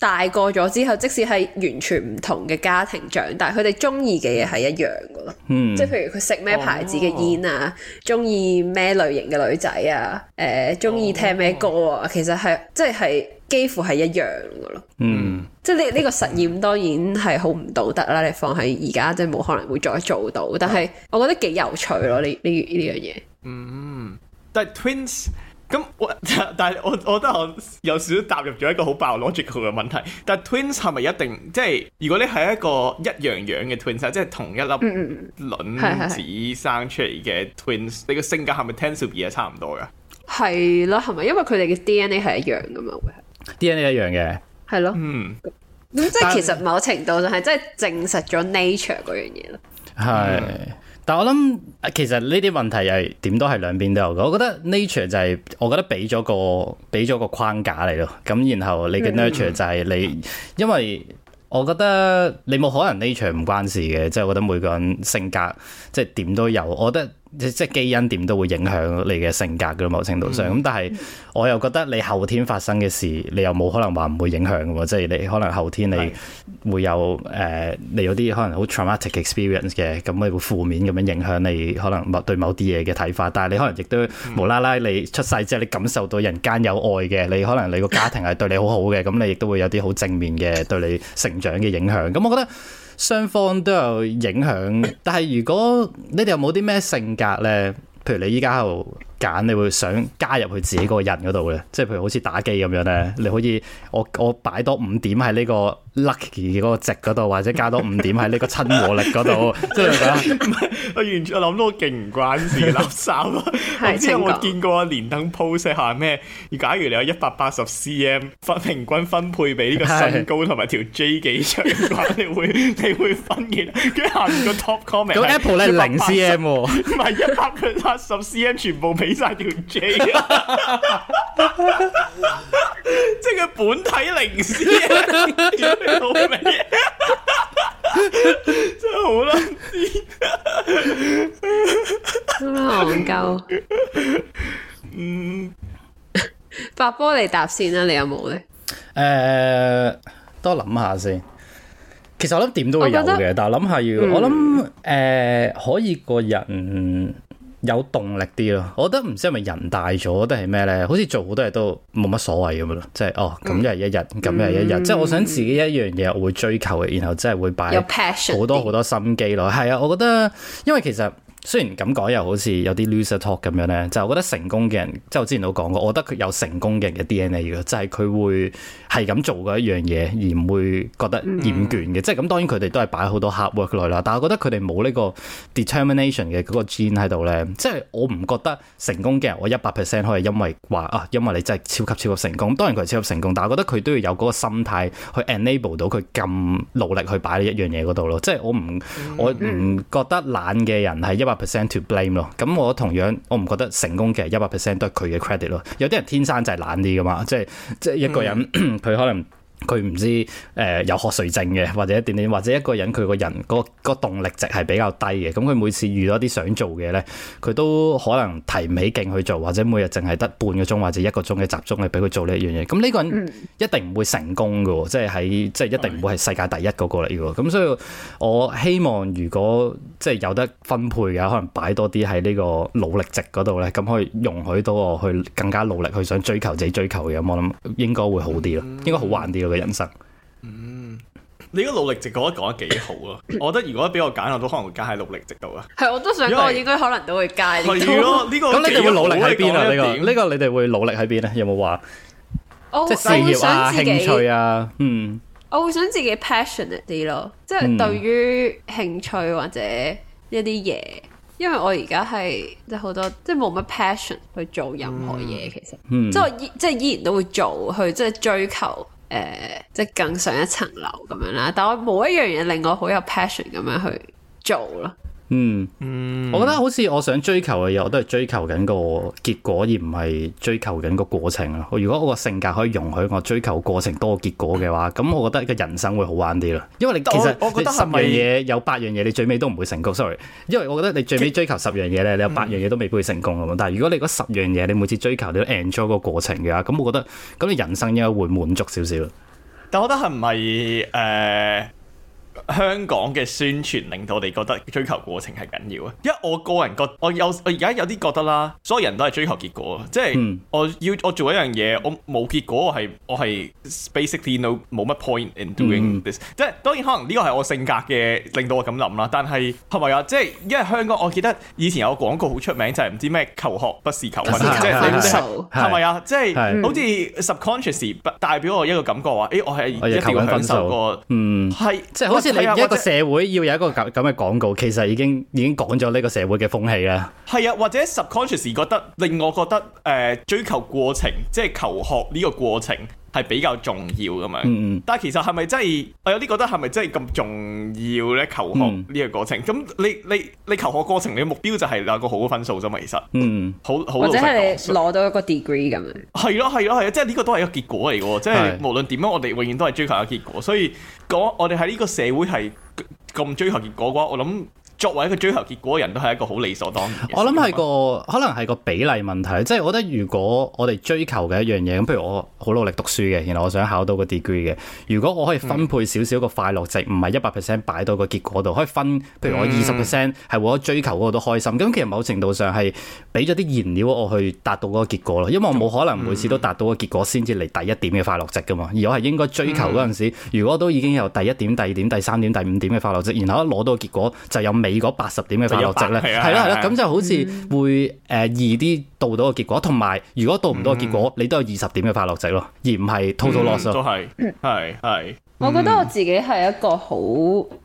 大個咗之後，即使係完全唔同嘅家庭長大，佢哋中意嘅嘢係一樣噶咯。Mm. 即係譬如佢食咩牌子嘅煙啊，中意咩類型嘅女仔啊，誒、呃，中意聽咩歌啊，其實係即係幾乎係一樣噶咯。嗯，mm. 即係呢呢個實驗當然係好唔道德啦。你放喺而家即係冇可能會再做到，但係我覺得幾有趣咯。呢呢呢樣嘢。嗯，但係、mm. twins。咁我但係我我覺得我有少少踏入咗一個好 biological 嘅問題，但係 twins 係咪一定即係如果你係一個一樣樣嘅 twins，嗯、即係同一粒卵子生出嚟嘅 twins，你個性格係咪 tends to be 啊差唔多噶？係啦，係咪因為佢哋嘅 DNA 係一樣噶嘛會？DNA 一樣嘅，係咯，嗯，咁即係其實某程度上係真係證實咗 nature 嗰樣嘢咯，係是。嗯但係我諗，其實呢啲問題又係點都係兩邊都有。我覺得 nature 就係，我覺得俾咗個俾咗個框架嚟咯。咁然後你嘅 nature 就係你，嗯、因為我覺得你冇可能 nature 唔關事嘅。即係我覺得每個人性格即係點都有。我覺得。即即基因點都會影響你嘅性格嘅某程度上，咁但係我又覺得你後天發生嘅事，你又冇可能話唔會影響嘅喎，即係你可能後天你會有誒是的、呃，你有啲可能好 traumatic experience 嘅，咁咪會負面咁樣影響你可能對某啲嘢嘅睇法，但係你可能亦都、嗯、無啦啦你出世之後，你感受到人間有愛嘅，你可能你個家庭係對你好好嘅，咁 你亦都會有啲好正面嘅對你成長嘅影響，咁、嗯、我覺得。雙方都有影響，但係如果你哋有冇啲咩性格咧？譬如你依家喺度揀，你會想加入去自己個人嗰度咧，即係譬如好似打機咁樣咧，你可以我我擺多五點喺呢個 lucky 嗰個值嗰度，或者加多五點喺呢個親和力嗰度，即係咁。唔係，我完全我諗到勁唔關事垃圾。係之前我見過連登 post 寫下咩？假如你有一百八十 cm，分平均分配俾呢個身高同埋條 J 幾長，你會你會分結。跟下行個 top comment，咁 Apple 咧零 cm 唔係一百八十 cm 全部俾晒條 J 即係佢本體零 cm。好咩？真係好卵癲，咁樣憨鳩。嗯，發波嚟搭線啦，你有冇咧？誒，多諗下先。其實我諗點都會有嘅，但係諗下要，我諗誒可以個人。有動力啲咯，我覺得唔知係咪人大咗，定係咩咧？好似做好多嘢都冇乜所謂咁咯，即係哦，咁又係一日，咁又係一日。嗯、即係我想自己一樣嘢，我會追求嘅，然後即係會擺好多好多，多心機咯。係啊有 passion.，我覺得因為其實。雖然咁講又好似有啲 loser talk 咁樣咧，就我覺得成功嘅人，即係我之前都講過，我覺得佢有成功嘅人嘅 DNA 嘅，就係佢會係咁做嘅一樣嘢，而唔會覺得厭倦嘅。Mm hmm. 即係咁，當然佢哋都係擺好多 hard work 落啦。但係我覺得佢哋冇呢個 determination 嘅嗰個 gene 喺度咧。即係我唔覺得成功嘅人，我一百 percent 可以因為話啊，因為你真係超級超級成功。當然佢超級成功，但係我覺得佢都要有嗰個心態去 enable 到佢咁努力去擺喺一樣嘢嗰度咯。即係我唔我唔覺得懶嘅人係因為。一百 percent to blame 咯，咁我同樣我唔覺得成功嘅一百 percent 都係佢嘅 credit 咯，有啲人天生就係懶啲㗎嘛，即係即係一個人佢、嗯、 可能。佢唔知誒、呃、有嗜睡症嘅，或者一點點，或者一個人佢個人個嗰動力值係比較低嘅。咁佢每次遇到啲想做嘅咧，佢都可能提唔起勁去做，或者每日淨係得半個鐘或者一個鐘嘅集中去俾佢做呢一樣嘢。咁呢個人一定唔會成功嘅，即係喺即係一定唔會係世界第一嗰個嚟嘅。咁所以我希望如果即係有得分配嘅，可能擺多啲喺呢個努力值嗰度咧，咁可以容許到我去更加努力去想追求自己追求嘅。我諗應該會好啲咯，應該好玩啲咯。嘅人生，嗯，你個努力值覺得講得幾好啊。我覺得如果俾我揀，我都可能會加喺努力值度啊。係我都想，我應該可能都會加。係咯，呢個咁你哋會努力喺邊啊？呢個呢個你哋會努力喺邊咧？有冇話即係事業啊、興趣啊？嗯，我會想自己 passionate 啲咯，即係對於興趣或者一啲嘢，因為我而家係即係好多即係冇乜 passion 去做任何嘢，其實，即係依即係依然都會做去即係追求。誒、呃，即係更上一層樓咁樣啦，但我冇一樣嘢令我好有 passion 咁樣去做咯。嗯，我覺得好似我想追求嘅嘢，我都係追求緊個結果，而唔係追求緊個過程咯。如果我個性格可以容許我追求過程多個結果嘅話，咁我覺得個人生會好玩啲咯。因為你其實十樣嘢有八樣嘢，你最尾都唔會成功。sorry，因為我覺得你最尾追求十樣嘢咧，你有八樣嘢都未必會成功。咁、嗯、但係如果你嗰十樣嘢，你每次追求你都 enjoy 個過程嘅話，咁我覺得咁你人生應該會滿足少少。但我覺得係唔係誒？呃香港嘅宣傳令到我哋覺得追求過程係緊要啊！因為我個人覺，我有我而家有啲覺得啦，所有人都係追求結果，即係我要我做一樣嘢，我冇結果，我係我係 basically no 冇乜 point in doing this。嗯、即係當然可能呢個係我性格嘅令到我咁諗啦，但係係咪啊？即係因為香港，我記得以前有個廣告好出名，就係唔知咩求學不是求分，即係係咪啊？即係好似 subconscious 不代表我一個感覺話，誒我係一定要感受過嗯係即係好似。一個社會要有一個咁咁嘅廣告，其實已經已經講咗呢個社會嘅風氣啦。係啊，或者 subconscious 覺得令我覺得，誒、呃，追求過程即係求學呢個過程。係比較重要噶嘛，嗯、但係其實係咪真係，我有啲覺得係咪真係咁重要咧？求學呢個過程，咁、嗯、你你你求學過程，你目標就係有個好嘅分數啫嘛，其實，好、嗯、或者係攞到一個 degree 咁樣，係咯係咯係啊，即係呢個都係一個結果嚟嘅，的即係無論點樣，我哋永遠都係追求一個結果。所以講，我哋喺呢個社會係咁追求結果嘅話，我諗。作為一個追求結果嘅人都係一個好理所當然。我諗係個可能係個比例問題，即係我覺得如果我哋追求嘅一樣嘢，咁譬如我好努力讀書嘅，然後我想考到個 degree 嘅，如果我可以分配少少個快樂值，唔係一百 percent 擺到個結果度，可以分，譬如我二十 percent 係我追求嗰個都開心。咁、嗯、其實某程度上係俾咗啲燃料我去達到嗰個結果咯，因為我冇可能每次都達到個結果先至嚟第一點嘅快樂值噶嘛。而我係應該追求嗰陣時，如果都已經有第一點、第二點、第三點、第五點嘅快樂值，然後一攞到結果就有你嗰八十點嘅快樂值咧，係啦係啦，咁就好似會誒易啲到到個結果，同埋如果到唔到個結果，你都有二十點嘅快樂值咯，而唔係 total loss。都係，係係。我覺得我自己係一個好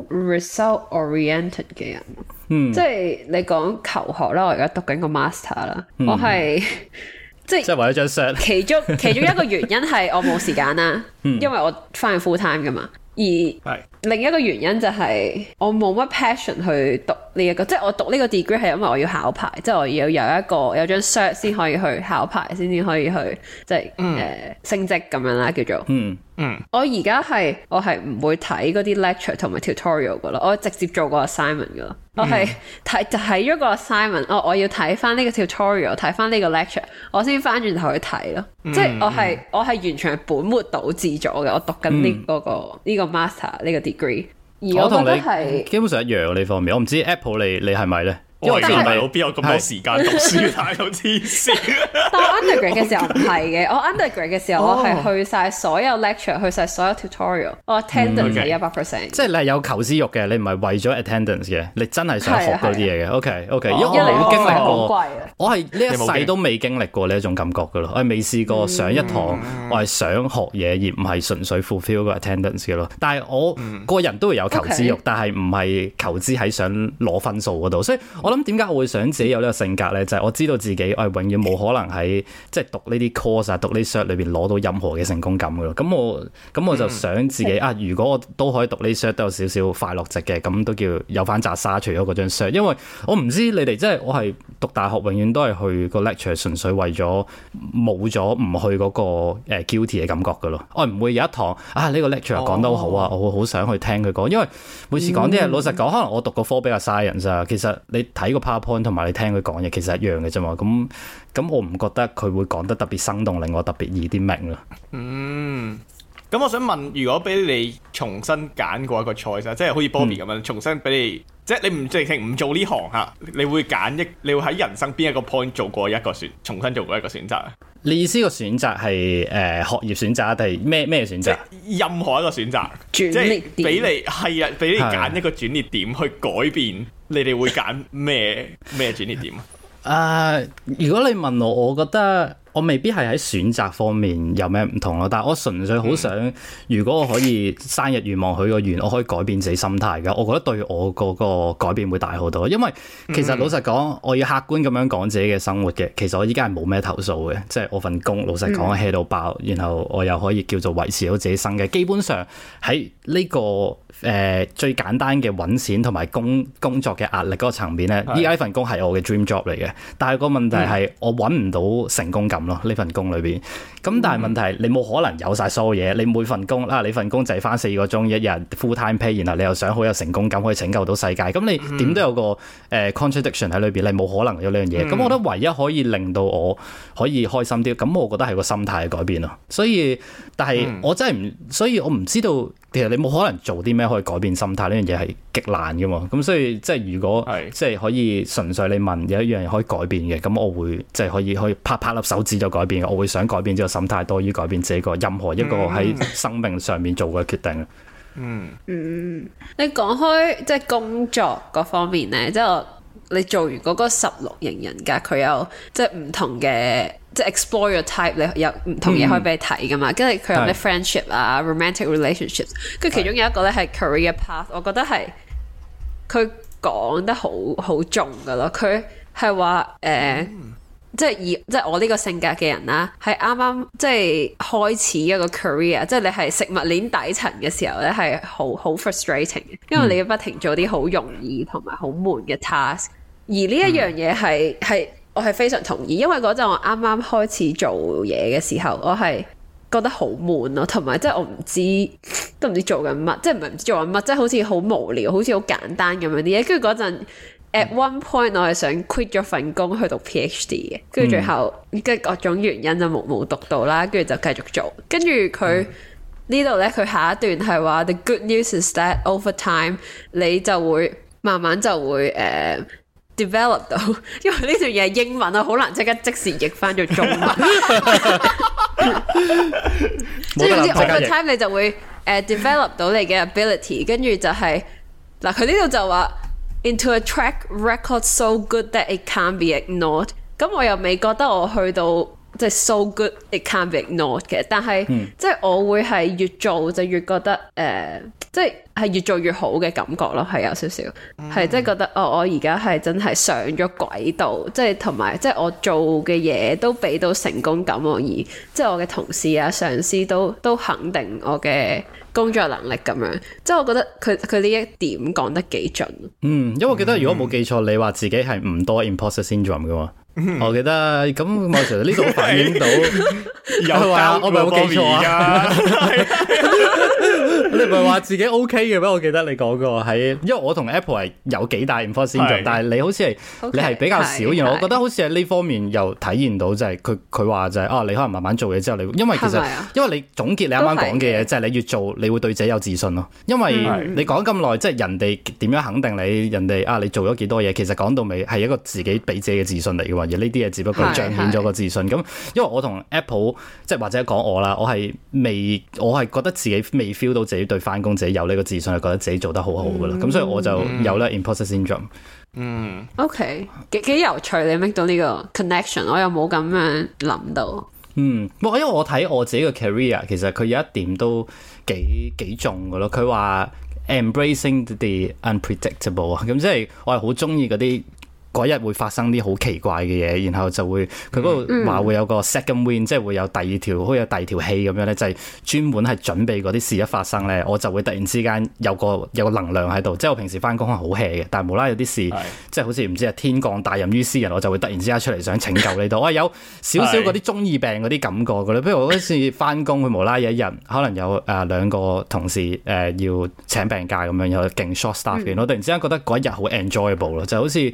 result oriented 嘅人，嗯，即係你講求學啦，我而家讀緊個 master 啦，我係即係即係為咗張相。其中其中一個原因係我冇時間啦，因為我翻去 full time 噶嘛，而係。另一個原因就係我冇乜 passion 去讀呢、這、一個，即係我讀呢個 degree 係因為我要考牌，即係我要有一個有一張 cert 先可以去考牌，先至可以去即係誒、呃、升職咁樣啦，叫做。嗯嗯。嗯，我而家係我係唔會睇啲 lecture 同埋 tutorial 噶咯，我直接做 assignment、嗯、個 assignment 噶、哦、咯。我係睇就睇咗個 assignment，我我要睇翻呢個 tutorial，睇翻呢個 lecture，我先翻轉頭去睇咯。嗯、即係我係我係完全係本末倒置咗嘅。我讀緊呢個呢、嗯那個這個 master 呢個 degree。我同你基本上一樣呢方面，我唔知 Apple 你你係咪咧？因真係唔係，我邊有咁多時間讀書，太有知性。但係 u n d e r g r a d 嘅時候唔係嘅，我 u n d e r g r a d 嘅時候我係去晒所有 lecture，去晒所有 tutorial，我 attendance 係一百 percent。即係你係有求知欲嘅，你唔係為咗 attendance 嘅，你真係想學到啲嘢嘅。OK，OK，因為我經歷過，我係呢一世都未經歷過呢一種感覺嘅咯。我係未試過上一堂，我係想學嘢而唔係純粹 fulfil 個 attendance 嘅咯。但係我個人都會有求知欲，但係唔係求知喺想攞分數嗰度，所以我咁點解我會想自己有呢個性格咧？就係、是、我知道自己我永遠冇可能喺即係讀呢啲 course 啊、讀呢 cert 裏邊攞到任何嘅成功感嘅咯。咁我咁我就想自己、嗯、啊，如果我都可以讀呢 cert 都有少少快樂值嘅，咁都叫有翻紮沙除咗嗰張 cert。因為我唔知你哋即係我係讀大學永遠都係去個 lecture 純粹為咗冇咗唔去嗰、那個、uh, guilty 嘅感覺嘅咯。我唔會有一堂啊呢，這個 lecture 講得好好啊，哦、我會好想去聽佢講。因為每次講啲嘢、嗯、老實講，可能我讀個科比較 science 咋，其實你喺個 PowerPoint 同埋你聽佢講嘢其實一樣嘅啫嘛，咁咁我唔覺得佢會講得特別生動，令我特別易啲明咯。嗯，咁我想問，如果俾你重新揀過一個菜先，即係好似 Bobby 咁樣重新俾你。即係你唔淨係唔做呢行嚇，你會揀一，你會喺人生邊一個 point 做過一個選，重新做過一個選擇啊？你意思個選擇係誒、呃、學業選擇定係咩咩選擇？任何一個選擇，即係俾你係啊，俾你揀一個轉捩點去改變你，你哋會揀咩咩轉捩點啊？誒，uh, 如果你問我，我覺得。我未必係喺選擇方面有咩唔同咯，但係我純粹好想，如果我可以生日願望許個願，我可以改變自己心態㗎，我覺得對我嗰個改變會大好多。因為其實老實講，我要客觀咁樣講自己嘅生活嘅，其實我依家係冇咩投訴嘅，即係我份工老實講 hea 到爆，然後我又可以叫做維持到自己生嘅。基本上喺呢、呢個誒、呃、最簡單嘅揾錢同埋工工作嘅壓力嗰個層面咧，依家呢份工係我嘅 dream job 嚟嘅，但係個問題係我揾唔到成功感。呢份工裏邊。咁但係問題你冇可能有晒所有嘢，嗯、你每份工，啊你份工就係返四個鐘一日 full time pay，然後你又想好有成功感可以拯救到世界，咁、嗯、你點都有個誒 contradiction 喺裏邊，你冇可能有呢樣嘢。咁、嗯、我覺得唯一可以令到我可以開心啲，咁我覺得係個心態嘅改變咯。所以，但係我真係唔，所以我唔知道，其實你冇可能做啲咩可以改變心態呢樣嘢係極難噶嘛。咁所以，即係如果，即係可以純粹你問有一樣嘢可以改變嘅，咁我會即係、可以、可以去拍拍粒手指。就改變嘅，我會想改變呢個心態多於改變自己個任何一個喺生命上面做嘅決定。嗯嗯，你講開即係工作嗰方面咧，即係我你做完嗰個十六型人格，佢有即係唔同嘅即係 explore 嘅 type，你有唔同嘢可以俾你睇噶嘛？跟住佢有啲 friendship 啊，romantic relationships，跟住其中有一個咧係 career path，我覺得係佢講得好好重噶咯。佢係話誒。即係而即係我呢個性格嘅人啦、啊，係啱啱即係開始一個 career，即係你係食物鏈底層嘅時候咧，係好好 frustrating 嘅，因為你要不停做啲好容易同埋好悶嘅 task。而呢一樣嘢係係我係非常同意，因為嗰陣我啱啱開始做嘢嘅時候，我係覺得好悶咯，同埋即係我唔知都唔知做緊乜，即係唔係唔知做緊乜，即係好似好無聊，好似好簡單咁樣啲嘢。跟住嗰陣。At one point 我係想 quit 咗份工去讀 PhD 嘅、嗯，跟住最後跟各種原因就冇冇讀到啦，跟住就繼續做。跟住佢呢度咧，佢下一段係話：the good news is that over time 你就會慢慢就會誒、uh, develop 到，因為呢段嘢係英文啊，好難即刻即時譯翻做中文。即係 over time 你就會誒、uh, develop 到你嘅 ability，跟住就係嗱佢呢度就話。Into a track record so good that it can't be ignored。咁我又未覺得我去到即係、就是、so good it can't be ignored 嘅，但係、嗯、即係我會係越做就越覺得誒，uh, 即係係越做越好嘅感覺咯，係有少少，係即係覺得、嗯、哦，我而家係真係上咗軌道，即係同埋即係我做嘅嘢都俾到成功感而我而，即係我嘅同事啊、上司都都肯定我嘅。工作能力咁樣，即係我覺得佢佢呢一點講得幾準。嗯，因為我記得如果冇記錯，嗯、你話自己係唔多 imposter syndrome 嘅喎。 我記得咁，莫 Sir 呢度反映到有啊， 我咪冇記錯啊？ 你咪話自己 O K 嘅咩？我記得你講過係，因為我同 Apple 係有幾大唔同先嘅，但係你好似係 Okay, 你係比較少，然後的我覺得好似係呢方面又體現到就，就係佢佢話就係啊，你可能慢慢做嘢之後你，你因為其實嗎因為你總結你啱啱講嘅嘢，即係你越做你會對自己有自信咯。因為你講咁耐，即係人哋點樣肯定你，人哋啊你做咗幾多嘢，其實講到尾係一個自己俾自己嘅自信嚟嘅。而呢啲嘢，只不過彰顯咗個自信。咁因為我同 Apple，即係或者講我啦，我係未，我係覺得自己未 feel 到自己對翻工自己有呢個自信，就覺得自己做得好好噶啦。咁、嗯、所以我就有咧 imposter syndrome。嗯，OK，幾幾有趣，你 make 到呢個 connection，我又冇咁樣諗到。嗯，哇，因為我睇我自己個 career，其實佢有一點都幾幾重噶咯。佢話 embracing the unpredictable 啊，咁即係我係好中意嗰啲。嗰日會發生啲好奇怪嘅嘢，然後就會佢嗰度話會有個 second win，即係會有第二條好似有第二條戲咁樣咧，就係專門係準備嗰啲事一發生咧，我就會突然之間有個有能量喺度。即係我平時翻工係好 hea 嘅，但係無啦有啲事即係好似唔知啊天降大任於斯人，我就會突然之間出嚟想拯救你度。我有少少嗰啲中二病嗰啲感覺噶咧。比如我嗰次翻工，佢無啦有一日可能有誒兩個同事誒要請病假咁樣，有勁 short staff，我突然之間覺得嗰一日好 enjoyable 咯，就好似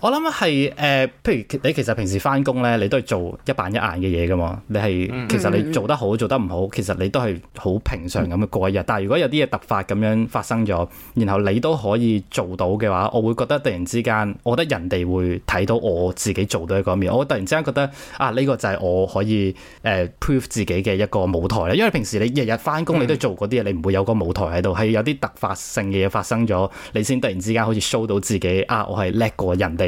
我諗係誒，譬如你其實平時返工呢，你都係做一板一眼嘅嘢㗎嘛。你係其實你做得好，做得唔好，其實你都係好平常咁樣過一日。但係如果有啲嘢突發咁樣發生咗，然後你都可以做到嘅話，我會覺得突然之間，我覺得人哋會睇到我自己做到嘅一面。我突然之間覺得啊，呢、這個就係我可以誒、啊、prove 自己嘅一個舞台啦。因為平時你日日返工，你都做嗰啲嘢，你唔會有個舞台喺度，係有啲突發性嘅嘢發生咗，你先突然之間好似 show 到自己啊，我係叻過人哋。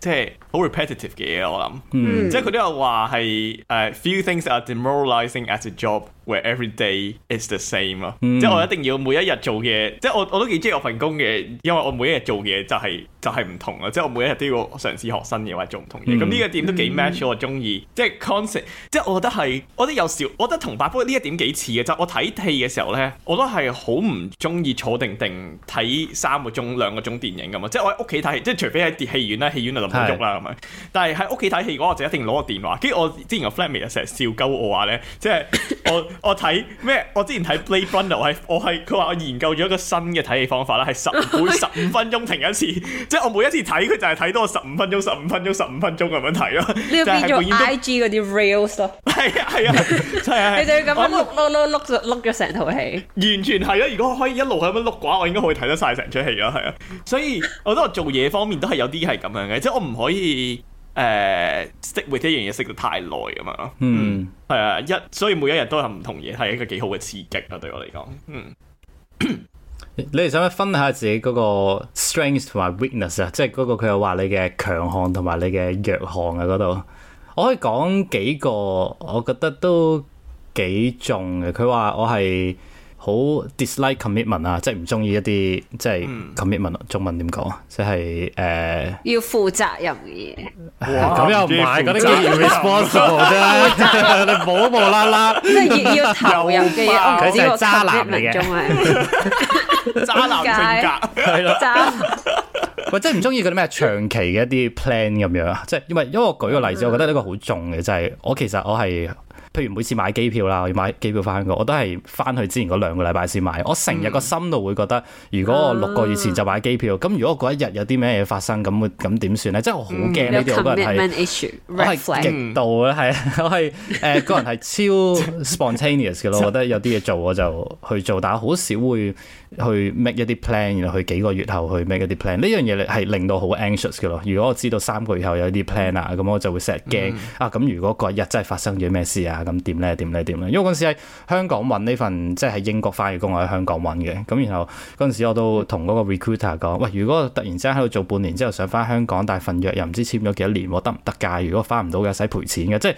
即係好 repetitive 嘅嘢、啊、我諗，mm. 即係佢都有話係誒 few things are demoralizing as a job where every day is the same 咯、啊。Mm. 即係我一定要每一日做嘢，即係我我都幾中意我份工嘅，因為我每一日做嘢就係、是、就係、是、唔同啊！即係我每一日都要嘗試學新嘢或者做唔同嘢，咁呢、mm. 個點都幾 match 我中意，即係 concept。即係我覺得係，我覺得有時，我覺得同白夫呢一點幾似嘅，就我睇戲嘅時候咧，我都係好唔中意坐定定睇三個鐘兩個鐘電影咁啊！即係我喺屋企睇，戲，即係除非喺戲院啦，戲院度。睇喐啦咁樣，嗯嗯、但係喺屋企睇戲嘅話，如果我就一定攞個電話。跟住我之前個 flatmate 成日笑鳩我話咧，即係我我睇咩？我之前睇 playful，我係我係佢話我研究咗一個新嘅睇戲方法啦，係十每十五分鐘停一次， 即係我每一次睇佢就係睇多十五分鐘、十五分鐘、十五分鐘咁樣睇咯。你要變做 IG 嗰啲 reels 咯、 哎？係啊係啊， 你就要咁樣碌碌碌碌碌咗成套戲。我完全係啊！如果可以一路咁樣碌嘅話，我應該可以睇得晒成出戲啊。係啊。所以我覺得我做嘢方面都係有啲係咁樣嘅，即係唔可以誒、uh, stick with 一樣嘢食得太耐啊嘛。嗯、mm.，係 啊，一所以每一日都有唔同嘢，係一個幾好嘅刺激啊。對我嚟講，嗯， 你哋想唔想分享下自己嗰個 strength 同埋 weakness 啊？即係嗰個佢又話你嘅強項同埋你嘅弱項啊？嗰度我可以講幾個，我覺得都幾重嘅。佢話我係。好 dislike commitment 啊，即係唔中意一啲即係 commitment，中文點講啊？即係誒，要負責任嘅嘢，咁又唔係，嗰啲嘢要 responsible 啫，你無無啦啦，即係要要投入嘅嘢。佢真係渣男嚟嘅，仲係渣男性格，係咯。喂，即係唔中意嗰啲咩長期嘅一啲 plan 咁樣啊？即係因為因為我舉個例子，我覺得呢個好重嘅，就係我其實我係。譬如每次買機票啦，我要買機票翻去，我都係翻去之前嗰兩個禮拜先買。我成日個心度會覺得，如果我六個月前就買機票，咁、嗯、如果嗰一日有啲咩嘢發生，咁會咁點算咧？即係我好驚呢啲，好多人係，我、嗯、我係極度咧，係、嗯、我係誒、呃、個人係超 spontaneous 嘅咯。 我覺得有啲嘢做我就去做，但係好少會。去 make 一啲 plan，然後去幾個月後去 make 一啲 plan，呢樣嘢係令到好 anxious 嘅咯。如果我知道三個月後有啲 plan 啊，咁我就會成日驚啊。咁如果個日真係發生咗咩事啊，咁點咧？點咧？點咧？因為嗰陣時喺香港揾呢份，即係喺英國翻嘅工，我喺香港揾嘅。咁然後嗰陣時我都同嗰個 recruiter 講：「喂，如果突然之間喺度做半年之後想翻香港，但係份約又唔知簽咗幾多年，我得唔得㗎？如果翻唔到嘅，使賠錢嘅，即係。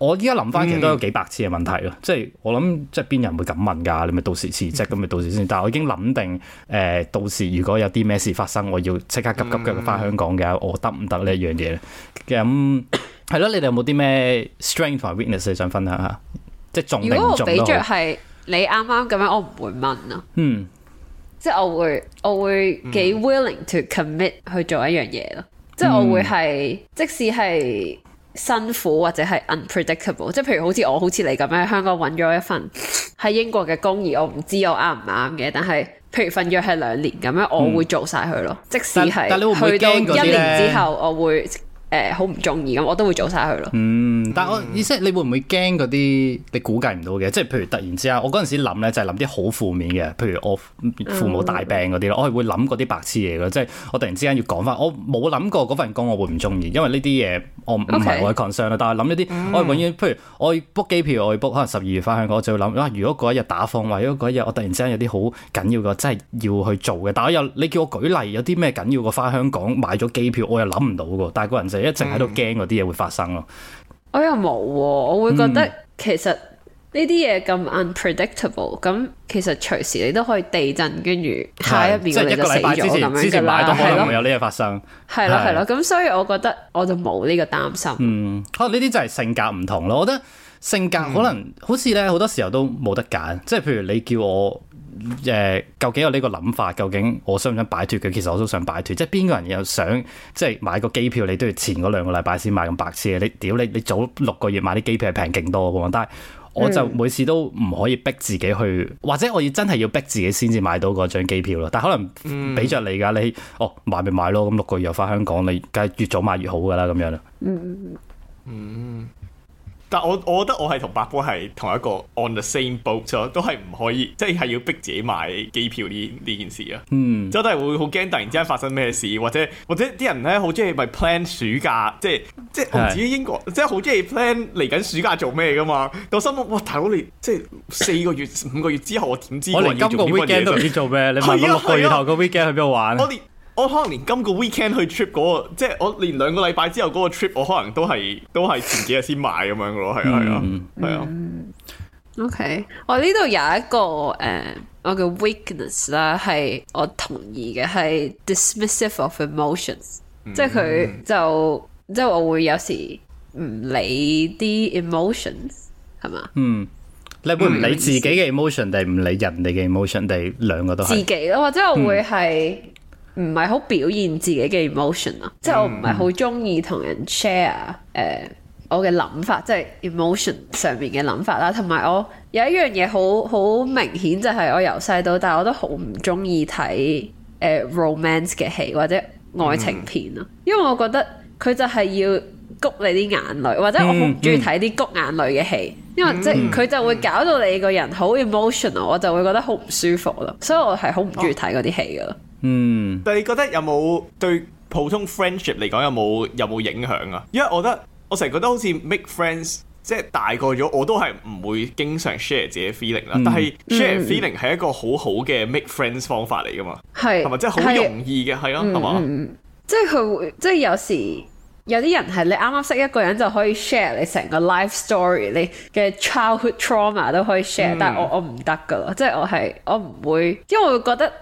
我依家諗翻，其實都有幾百次嘅問題咯，嗯、即係我諗，即係邊人會咁問噶？你咪到時辭職，咁咪到時先。嗯、但係我已經諗定，誒、呃，到時如果有啲咩事發生，我要即刻急急腳翻香港嘅，嗯、我得唔得呢一樣嘢？咁係咯，你哋有冇啲咩 strength or weakness 你想分享下？即係重定重咯。如果我比著係你啱啱咁樣，我唔會問啊。嗯，即係我會，我會幾 willing to commit 去做一樣嘢咯。嗯、即係我會係，即使係。辛苦或者係 unpredictable，即係譬如好似我好似你咁樣喺香港揾咗一份喺英國嘅工，而我唔知我啱唔啱嘅，但係譬如份約係兩年咁樣，我會做晒佢咯，嗯、即使係去到一年之後，會會我會。誒好唔中意咁，我都會做晒佢咯。嗯，但係我意思係你會唔會驚嗰啲你估計唔到嘅？嗯、即係譬如突然之間，我嗰陣時諗咧就係諗啲好負面嘅，譬如我父母大病嗰啲咯，嗯、我係會諗嗰啲白痴嘢嘅。即係我突然之間要講返，我冇諗過嗰份工我會唔中意，因為呢啲嘢我唔係 Okay, 我，我 concern 但係諗一啲，嗯、我係永遠譬如我去 book 機票，我去 book 可能十二月返香港，我就會諗、啊、如果嗰一日打風，或者嗰一日我突然之間有啲好緊要嘅，真係要去做嘅。但係我又你叫我舉例，有啲咩緊要嘅返香港買咗機票，我又諗唔到喎。但係個人、就係一直喺度驚嗰啲嘢會發生咯，我又冇、啊，我會覺得其實呢啲嘢咁 unpredictable，咁、嗯、其實隨時你都可以地震，跟住下一秒即的一個禮拜之前之前買多可能會有呢嘢發生，係咯係咯，咁的所以我覺得我就冇呢個擔心，嗯，可能呢啲就係性格唔同咯，我覺得性格可能好似咧好多時候都冇得揀，即係、嗯、譬如你叫我。誒，究竟有呢個諗法？究竟我想唔想擺脫佢？其實我都想擺脫，即係邊個人又想，即係買個機票你都要前嗰兩個禮拜先買咁白痴嘅。你屌你，你早六個月買啲機票係平勁多噶嘛。但係我就每次都唔可以逼自己去，或者我要真係要逼自己先至買到嗰張機票咯。但係可能俾着你噶，你哦買咪買咯，咁六個月又翻香港你梗係越早買越好噶啦，咁樣咯、嗯。嗯嗯嗯。但我我覺得我係同白波係同一個 on the same boat 咯，都係唔可以，即係要逼自己買機票呢呢件事啊。嗯，真係會好驚突然之間發生咩事，或者或者啲人咧好中意咪 plan 暑假，即係即係唔止英國，是即係好中意 plan 嚟緊暑假做咩噶嘛？我心諗哇，大佬你即係四個月五個月之後，我點知我連今個 weekend 都唔知做咩？ 你問我下個月頭個 weekend 去邊度玩？我可能連今個 weekend 去 trip 嗰、那個，即係我連兩個禮拜之後嗰個 trip，我可能都係都係前幾日先買咁樣噶咯，係啊係啊，係啊。嗯啊、o、okay. K，我呢度有一個誒，uh, 我嘅 weakness 啦，係我同意嘅，係 dismissive of emotions，嗯、即係佢就即係我會有時唔理啲 emotions，係嘛？嗯，你會唔理自己嘅 emotion 定唔、嗯、理人哋嘅 emotion？定兩個都係自己咯，或、哦、者我會係、嗯。唔係好表現自己嘅 emotion 啊，即係我唔係好中意同人 share 誒、嗯呃、我嘅諗法，即係 emotion 上面嘅諗法啦、啊。同埋我有一樣嘢好好明顯就係我由細到大我都好唔中意睇誒 romance 嘅戲或者愛情片咯、啊，嗯、因為我覺得佢就係要谷你啲眼淚，或者我好唔中意睇啲谷眼淚嘅戲，嗯、因為即係佢、嗯、就會搞到你個人好 emotional，我就會覺得好唔舒服咯，所以我係好唔中意睇嗰啲戲噶。嗯嗯嗯嗯嗯嗯，但係你覺得有冇對普通 friendship 嚟講有冇有冇影響啊？因為我覺得我成日覺得好似 make friends，即係大個咗，我都係唔會經常 share 自己 feeling 啦。嗯、但係 share feeling 係一個好好嘅 make friends 方法嚟噶嘛，係同埋即係好容易嘅係是啊，係嘛吧、嗯？即係佢會即係有時有啲人係你啱啱識一個人就可以 share 你成個 life story，你嘅 childhood trauma 都可以 share，、嗯、但係我我唔得噶，即係我係我唔會，因為我會覺得。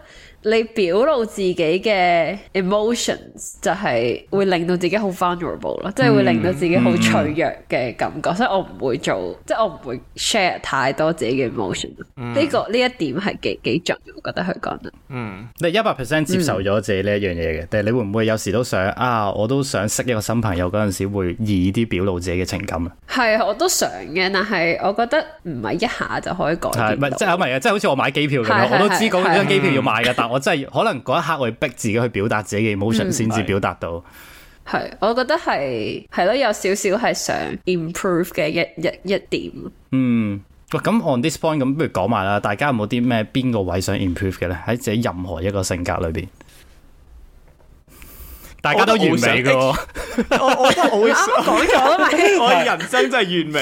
你表露自己嘅 emotions 就係會令到自己好 vulnerable 咯、嗯，即係會令到自己好脆弱嘅感覺，嗯、所以我唔會做，即、就、係、是、我唔會 share 太多自己嘅 emotion、嗯。呢、呢個呢一點係幾幾重要，我覺得佢講得。嗯，你一百 percent 接受咗自己呢一樣嘢嘅，但係你會唔會有時都想啊？我都想識一個新朋友陣時會易啲表露自己嘅情感啊？係啊，我都想嘅，但係我覺得唔係一下就可以改。係咪即係，唔係啊？即係好似我買機票咁樣，我都知嗰張機票要買嘅，但即係可能嗰一刻，我會逼自己去表達自己嘅 emotion，先至表達到、嗯。係，我覺得係係咯，有少少係想 improve 嘅一一一點。嗯，喂，咁 on this point，咁不如講埋啦，大家有冇啲咩邊個位想 improve 嘅咧？喺自己任何一個性格裏邊。大家都完美嘅。哦，我 我我啱講咗我嘛？我人生真係完美，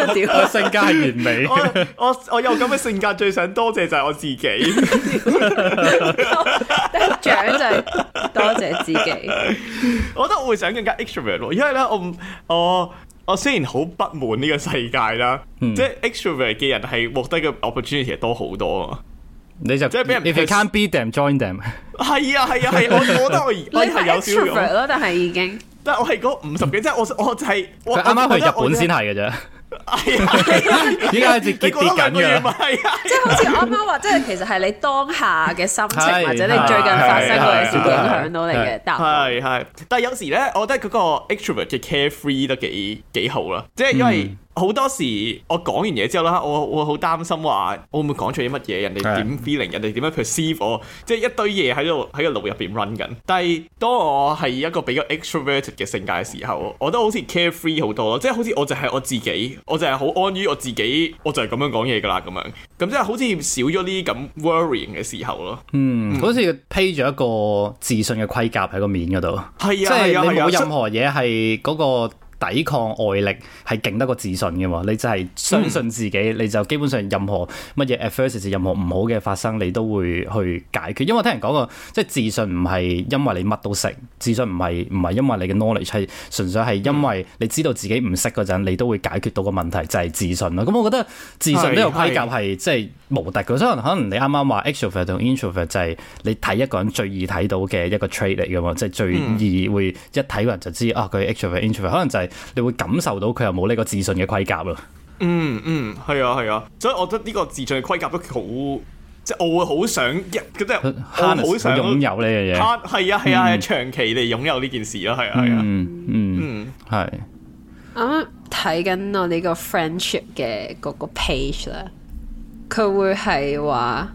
我性格係完美。我 我有咁嘅性格，最想多謝就係我自己 獎。獎就係多謝自己。 我覺得我會想更加 extravert 咯，因為咧，我我我雖然好不滿呢個世界啦，嗯、即係 extravert 嘅人係獲得嘅 opportunities 係多好多。你就即係俾人你 if you can't be them, join them。係啊，係啊，係，我我覺得我而家係有少少咯，但係已經，但係我係嗰五十幾，即係我我就係，我啱啱去日本先係嘅啫。係啊，依家係結結結緊嘅。係啊，即係好似我啱啱話，即係其實係你當下嘅心情，或者你最近發生過嘅事少影響到你嘅答案。係係，但係有時咧，我覺得佢個 extrovert 嘅 carefree 都幾幾好啦，即係因為。好多時我講完嘢之後咧，我我好擔心話我會唔會講錯啲乜嘢，人哋點 feeling，人哋點樣 perceive，我，即係一堆嘢喺度喺個腦入邊 run 緊。但係當我係一個比較 extroverted 嘅性格嘅時候，我都好似 carefree 好多咯，即係好似我就係我自己，我就係好安於我自己，我就係咁樣講嘢㗎啦，咁樣咁即係好似少咗啲咁 worrying 嘅時候咯。嗯，好似、嗯、披咗一個自信嘅盔甲喺個面嗰度，啊，即係你冇任何嘢係嗰個。抵抗外力係勁得過自信嘅喎，你就係相信自己，嗯、你就基本上任何乜嘢 adversity 任何唔好嘅發生，你都會去解決。因為我聽人講過，即係自信唔係因為你乜都識，自信唔係唔係因為你嘅 knowledge，係純粹係因為你知道自己唔識嗰陣，你都會解決到個問題就係、是、自信咯。咁我覺得自信呢個規格係即係無敵嘅。所以可能你啱啱話 extrovert 同 introvert 就係你睇一個人最易睇到嘅一個 trait 嚟嘅喎、嗯，即係最易會一睇個人就知啊佢 extrovert introvert，可能就係、是。你會感受到佢又冇呢個自信嘅盔甲咯。嗯嗯，係啊係啊，所以我覺得呢個自信嘅盔甲都好，即係我會好想，即係好想擁有呢樣嘢。係啊係啊，啊啊嗯、長期地擁有呢件事咯，係啊係啊，啊嗯嗯係。啱啱睇緊我呢個 friendship 嘅嗰個 page 啦，佢會係話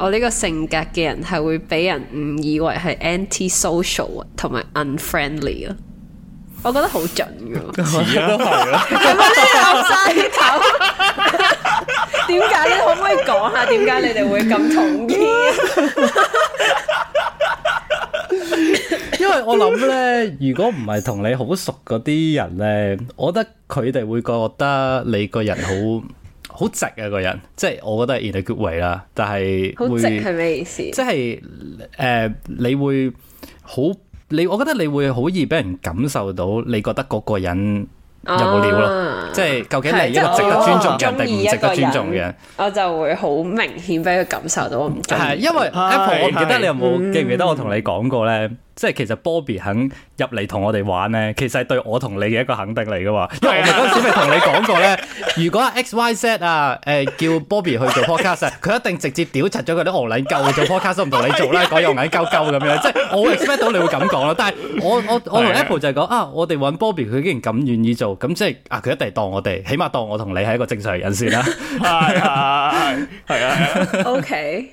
我呢個性格嘅人係會俾人誤以為係 anti-social 同埋 unfriendly 啊。我覺得好準噶，似都係啦，係咪都油晒頭？點解嘅？你可唔可以講下點解你哋會咁重啲？ 因為我諗咧，如果唔係同你好熟嗰啲人咧，我覺得佢哋會覺得你個人好好直啊個人，即係我覺得係 in the good way 啦。但係好直係咩意思？即係誒、呃，你會好。你，我覺得你會好易俾人感受到，你覺得嗰個人有冇料咯？啊、即係究竟你係一個值得尊重嘅，哦、人定唔值得尊重嘅人？我就會好明顯俾佢感受到我唔。係因為 Apple，的我唔記得你有冇的記唔記得我同你講過咧。即係其實 Bobby 肯入嚟同我哋玩咧，其實係對我同你嘅一個肯定嚟嘅喎，因為我哋嗰陣時咪同你講過咧，如果 X Y Z 啊誒叫 Bobby 去做 podcast，佢一定直接屌柒咗佢啲鵪鶉鳩做 podcast，都唔同你做啦，講有鵪鶉鳩鳩咁樣，即係我 expect 到你會咁講咯。但係我我我同 Apple 就係講啊，我哋揾 Bobby 佢竟然咁願意做，咁即係啊佢一定當我哋，起碼當我同你係一個正常人先啦。係啊係啊。OK。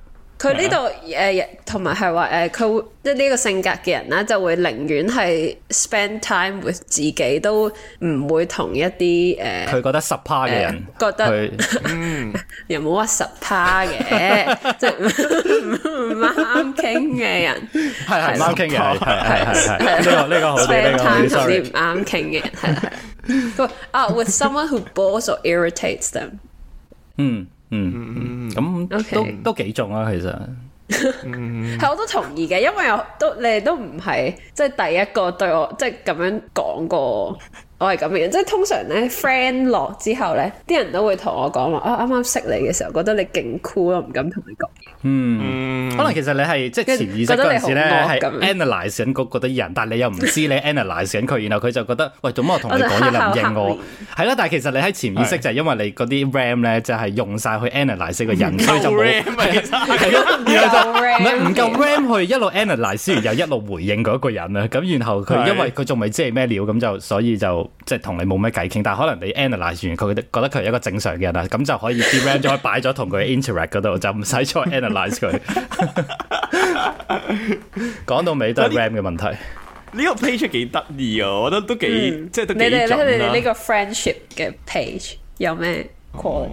佢呢度誒，同埋係話誒，佢即係呢個性格嘅人啦，就會寧願係 spend time with 自己，都唔會同一啲誒。佢覺得十趴嘅人，覺得嗯，又冇乜十趴嘅，即係唔啱傾嘅人。係係，啱傾嘅。係係係，呢個呢個好啲呢 spend time 同啲唔啱傾嘅人係係。啊，with someone who bores or irritates them。嗯。 嗯嗯嗯咁、嗯、Okay. 都都幾重啊，其實，係、 嗯、 我都同意嘅，因為我都你哋都唔係即係第一個對我即係咁樣講過。 我係咁嘅，即係通常咧，friend 落之後咧，啲人都會同我講話，啊啱啱識你嘅時候，覺得你勁 cool，我唔敢同你講。嗯，可能其實你係即係潛意識嗰陣時咧，係 analyse 緊嗰個人，但係你又唔知你 analyse 緊佢，然後佢就覺得，喂，做乜我同你講嘢你唔應我？係啦，但係其實你喺潛意識就係因為你嗰啲 RAM 咧，就係用晒去 analyse 個人，所以就冇，係咯，然後就唔係唔夠 RAM 去一路 analyse，又一路回應嗰一個人啦。咁然後佢因為佢仲未知係咩料，咁就所以就。即係同你冇咩偈傾，但係可能你 analyze 完佢，覺得佢係一個正常嘅人啦，咁就可以啲 ram 再擺咗同佢 interact 嗰度，就唔使再 analyze 佢。講到尾都係 ram 嘅問題。呢個 page 幾得意啊！我覺得都幾，即係都幾準啦。你哋咧，你哋呢個 friendship 嘅 page 有咩 quality？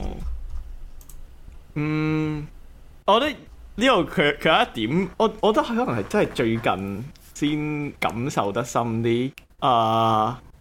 嗯，我覺得呢度佢佢有一點，我我覺得可能係真係最近先感受得深啲啊。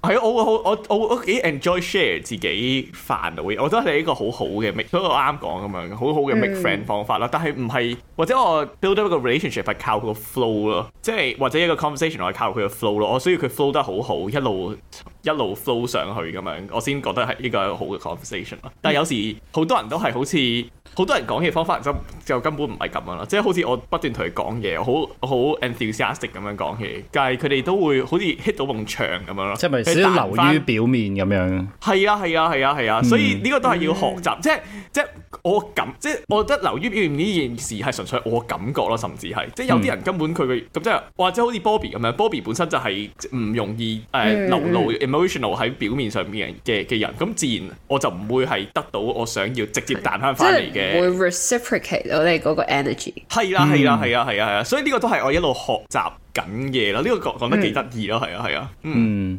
係，我會好，我我我幾 enjoy share 自己煩惱嘅。我覺得你呢個好好嘅 make，所以我啱講咁樣，好好嘅 make friend 方法啦。但係唔係，或者我 build up 個 relationship 係靠個 flow 咯，即係或者一個 conversation 我係靠佢個 flow 咯，我需要佢 flow 得好好，一路一路 flow 上去咁樣，我先覺得係呢個好嘅 conversation 咯。但係有時好多人都係好似好多人講嘢方法，就根本唔係咁樣啦，即係好似我不斷同佢講嘢，好好 enthusiastic 咁樣講嘢，但係佢哋都會好似 hit 到埲牆咁樣咯。即係咪？留流於表面咁樣，係啊係啊係啊係啊，所以呢個都係要學習，即係即係我感，即係我覺得留於表面呢件事係純粹我感覺咯，甚至係即係有啲人根本佢嘅咁即係，或者好似 Bobby 咁樣，Bobby 本身就係唔容易誒流露 emotional 喺表面上面嘅嘅人，咁自然我就唔會係得到我想要直接彈翻翻嚟嘅，會 reciprocate 我哋嗰個 energy 係啦係啦係啊係啊，所以呢個都係我一路學習緊嘅啦，呢個講講得幾得意咯，係啊係啊，嗯。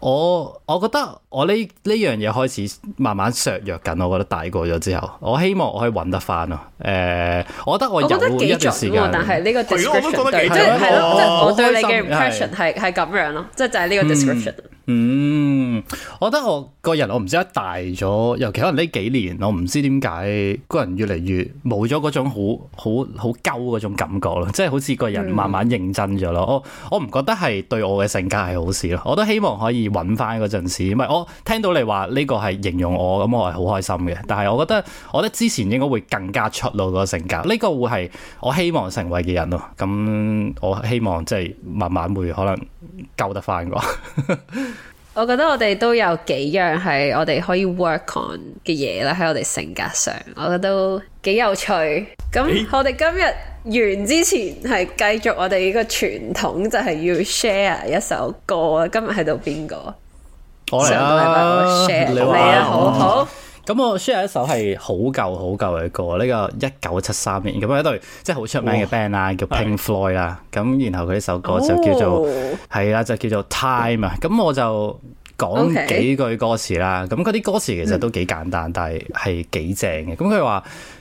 我我覺得我呢呢樣嘢開始慢慢削弱緊，我覺得大個咗之後，我希望我可以揾得翻咯。誒、呃，我覺得我忍咗一段時間，但係呢個 description 咯，即係我，我對你嘅 impression 係係咁樣咯，即係就係、是、呢個 description、嗯。嗯，我覺得我個人我唔知得大咗，尤其可能呢幾年我唔知點解個人越嚟越冇咗嗰種好好好鳩嗰種感覺咯，即係好似個人慢慢認真咗咯、嗯。我我唔覺得係對我嘅性格係好事咯。我都希望可以揾翻嗰陣時，唔係我聽到你話呢個係形容我，咁我係好開心嘅。但係我覺得我覺得之前應該會更加出露、個性格，呢、呢個會係我希望成為嘅人咯。咁我希望即係慢慢會可能。救得翻啩？ 我覺得我哋都有幾樣係我哋可以 work on 嘅嘢啦，喺我哋性格上，我覺得都幾有趣。咁我哋今日完之前係繼續我哋呢個傳統，就係、是、要 share 一首歌。今日喺度邊個？上個禮拜我，我，我 share 你啊，啊，好好，啊好。好咁我 share 一首係好舊好舊嘅歌，呢、呢個一九七三年，咁啊一隊即係好出名嘅 band 啦，哇叫 Pink Floyd 啦的。咁然後佢呢首歌就叫做係啦、哦，就叫做 Time 啊。咁我就講幾句歌詞啦。咁嗰啲歌詞其實都幾簡單，嗯、但係係幾正嘅。咁佢話。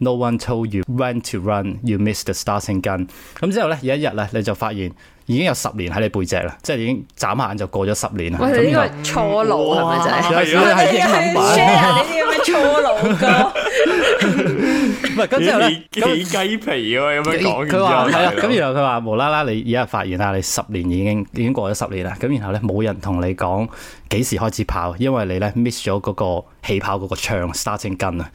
No one told you when to run, you missed the starting gun。咁之後咧，有一日咧你就發現已經有十年喺你背脊啦，即係已經眨眼就過咗十年啦。我哋呢個錯路係咪就係？我真係應唔應？啊！呢啲咁嘅錯路㗎。唔係，咁之後咧，起雞皮啊！咁樣講，佢話係啦。咁然後佢話無啦啦，你而家發現啦，你十年已經已經過咗十年啦。咁然後咧，冇人同你講幾時開始跑，因為你咧 miss 咗嗰個起跑嗰個槍，starting gun 啊。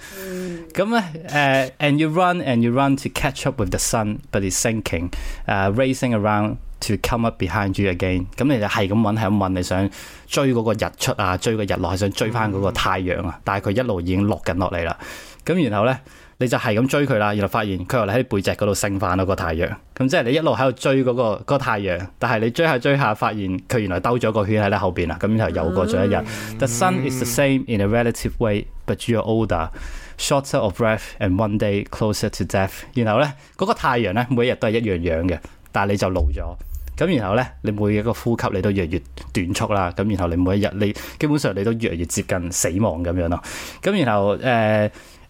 咁咧，誒，and you run and you run to catch up with the sun，but it's sinking，誒，racing around to come up behind you again。咁你就係咁搵，係咁搵，你想追嗰個日出啊，追個日落，係想追翻嗰個太陽啊，但係佢一路已經落緊落嚟啦。咁然後咧，你就係咁追佢啦，然後發現佢原來喺背脊嗰度升翻咯個太陽。咁即係你一路喺度追嗰個嗰個太陽，但係你追下追下，發現佢原來兜咗個圈喺你後邊啦。咁然後又過咗一日。Uh, the sun is the same in a relative way, but you're older, shorter of breath, and one day closer to death. 然後咧，嗰個太陽咧，每一日都係一樣樣嘅，但係你就老咗。咁然後咧，你每一個呼吸你都越嚟越短促啦。咁然後你每一日，你基本上你都越嚟越接近死亡咁樣咯。咁然後誒。呃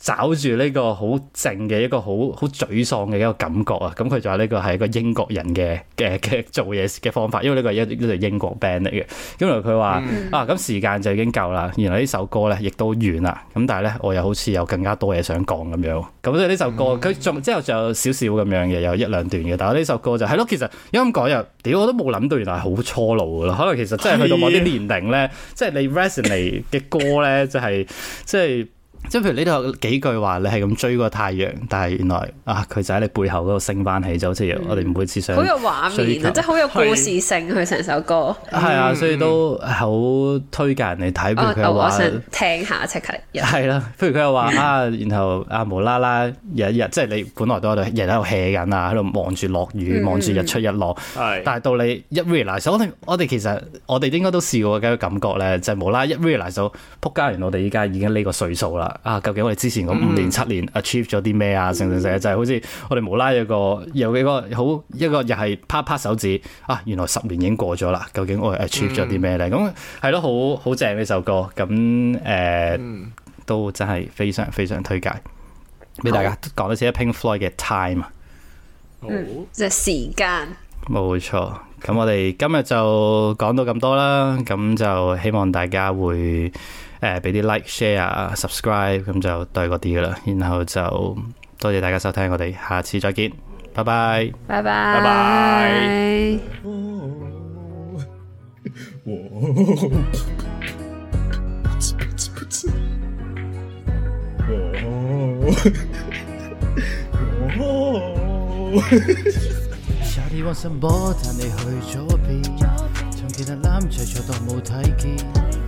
找住呢個好靜嘅一個好好沮喪嘅一個感覺啊！咁佢就話呢個係一個英國人嘅嘅嘅做嘢嘅方法，因為呢個係一呢個英國 band 嚟嘅。因為佢話啊，咁時間就已經夠啦，原來呢首歌咧亦都完啦。咁但係咧，我又好似有更加多嘢想講咁樣。咁所以呢首歌，佢仲之後仲有少少咁樣嘅，有一兩段嘅。但係呢首歌就係、是、咯，其實因為咁講又屌，我都冇諗到原來係好初露噶咯。可能其實真係去到某啲年齡咧，即係你 resonate 嘅歌咧、就是，就係即係。即係譬如呢度幾句話，你係咁追個太陽，但係原來啊佢就喺你背後嗰度升翻起，就好似我哋每次想好有畫面，即係好有故事性佢成首歌。係啊，所以都好推介人哋睇佢。我我想聽下即 check 下。係啦，譬如佢又話啊，然後啊無啦啦有一日，即係你本來都喺度日喺度 hea 緊啊，喺度望住落雨，望住日出日落。但係到你一 realize 我哋其實我哋應該都試過嘅感覺咧，就係無啦一 realize 到撲街完，我哋依家已經呢個歲數啦。啊，究竟我哋之前五年七年 achieve 咗啲咩啊？成成成，就係、是、好似我哋冇拉咗個有幾個好一個又係啪啪手指啊！原來十年已經過咗啦，究竟我哋 achieve 咗啲咩咧？咁係咯，好好正呢首歌，咁誒、啊 mm. 都真係非常非常推介俾大家。講到一 Pink Floyd 嘅 Time 啊，嗯，即係時間，冇錯。咁我哋今日就講到咁多啦，咁就希望大家會。誒，俾啲 like、share、subscribe，咁就對嗰啲噶啦。然後就多謝大家收聽我，我哋下次再見，拜拜，拜拜，拜拜。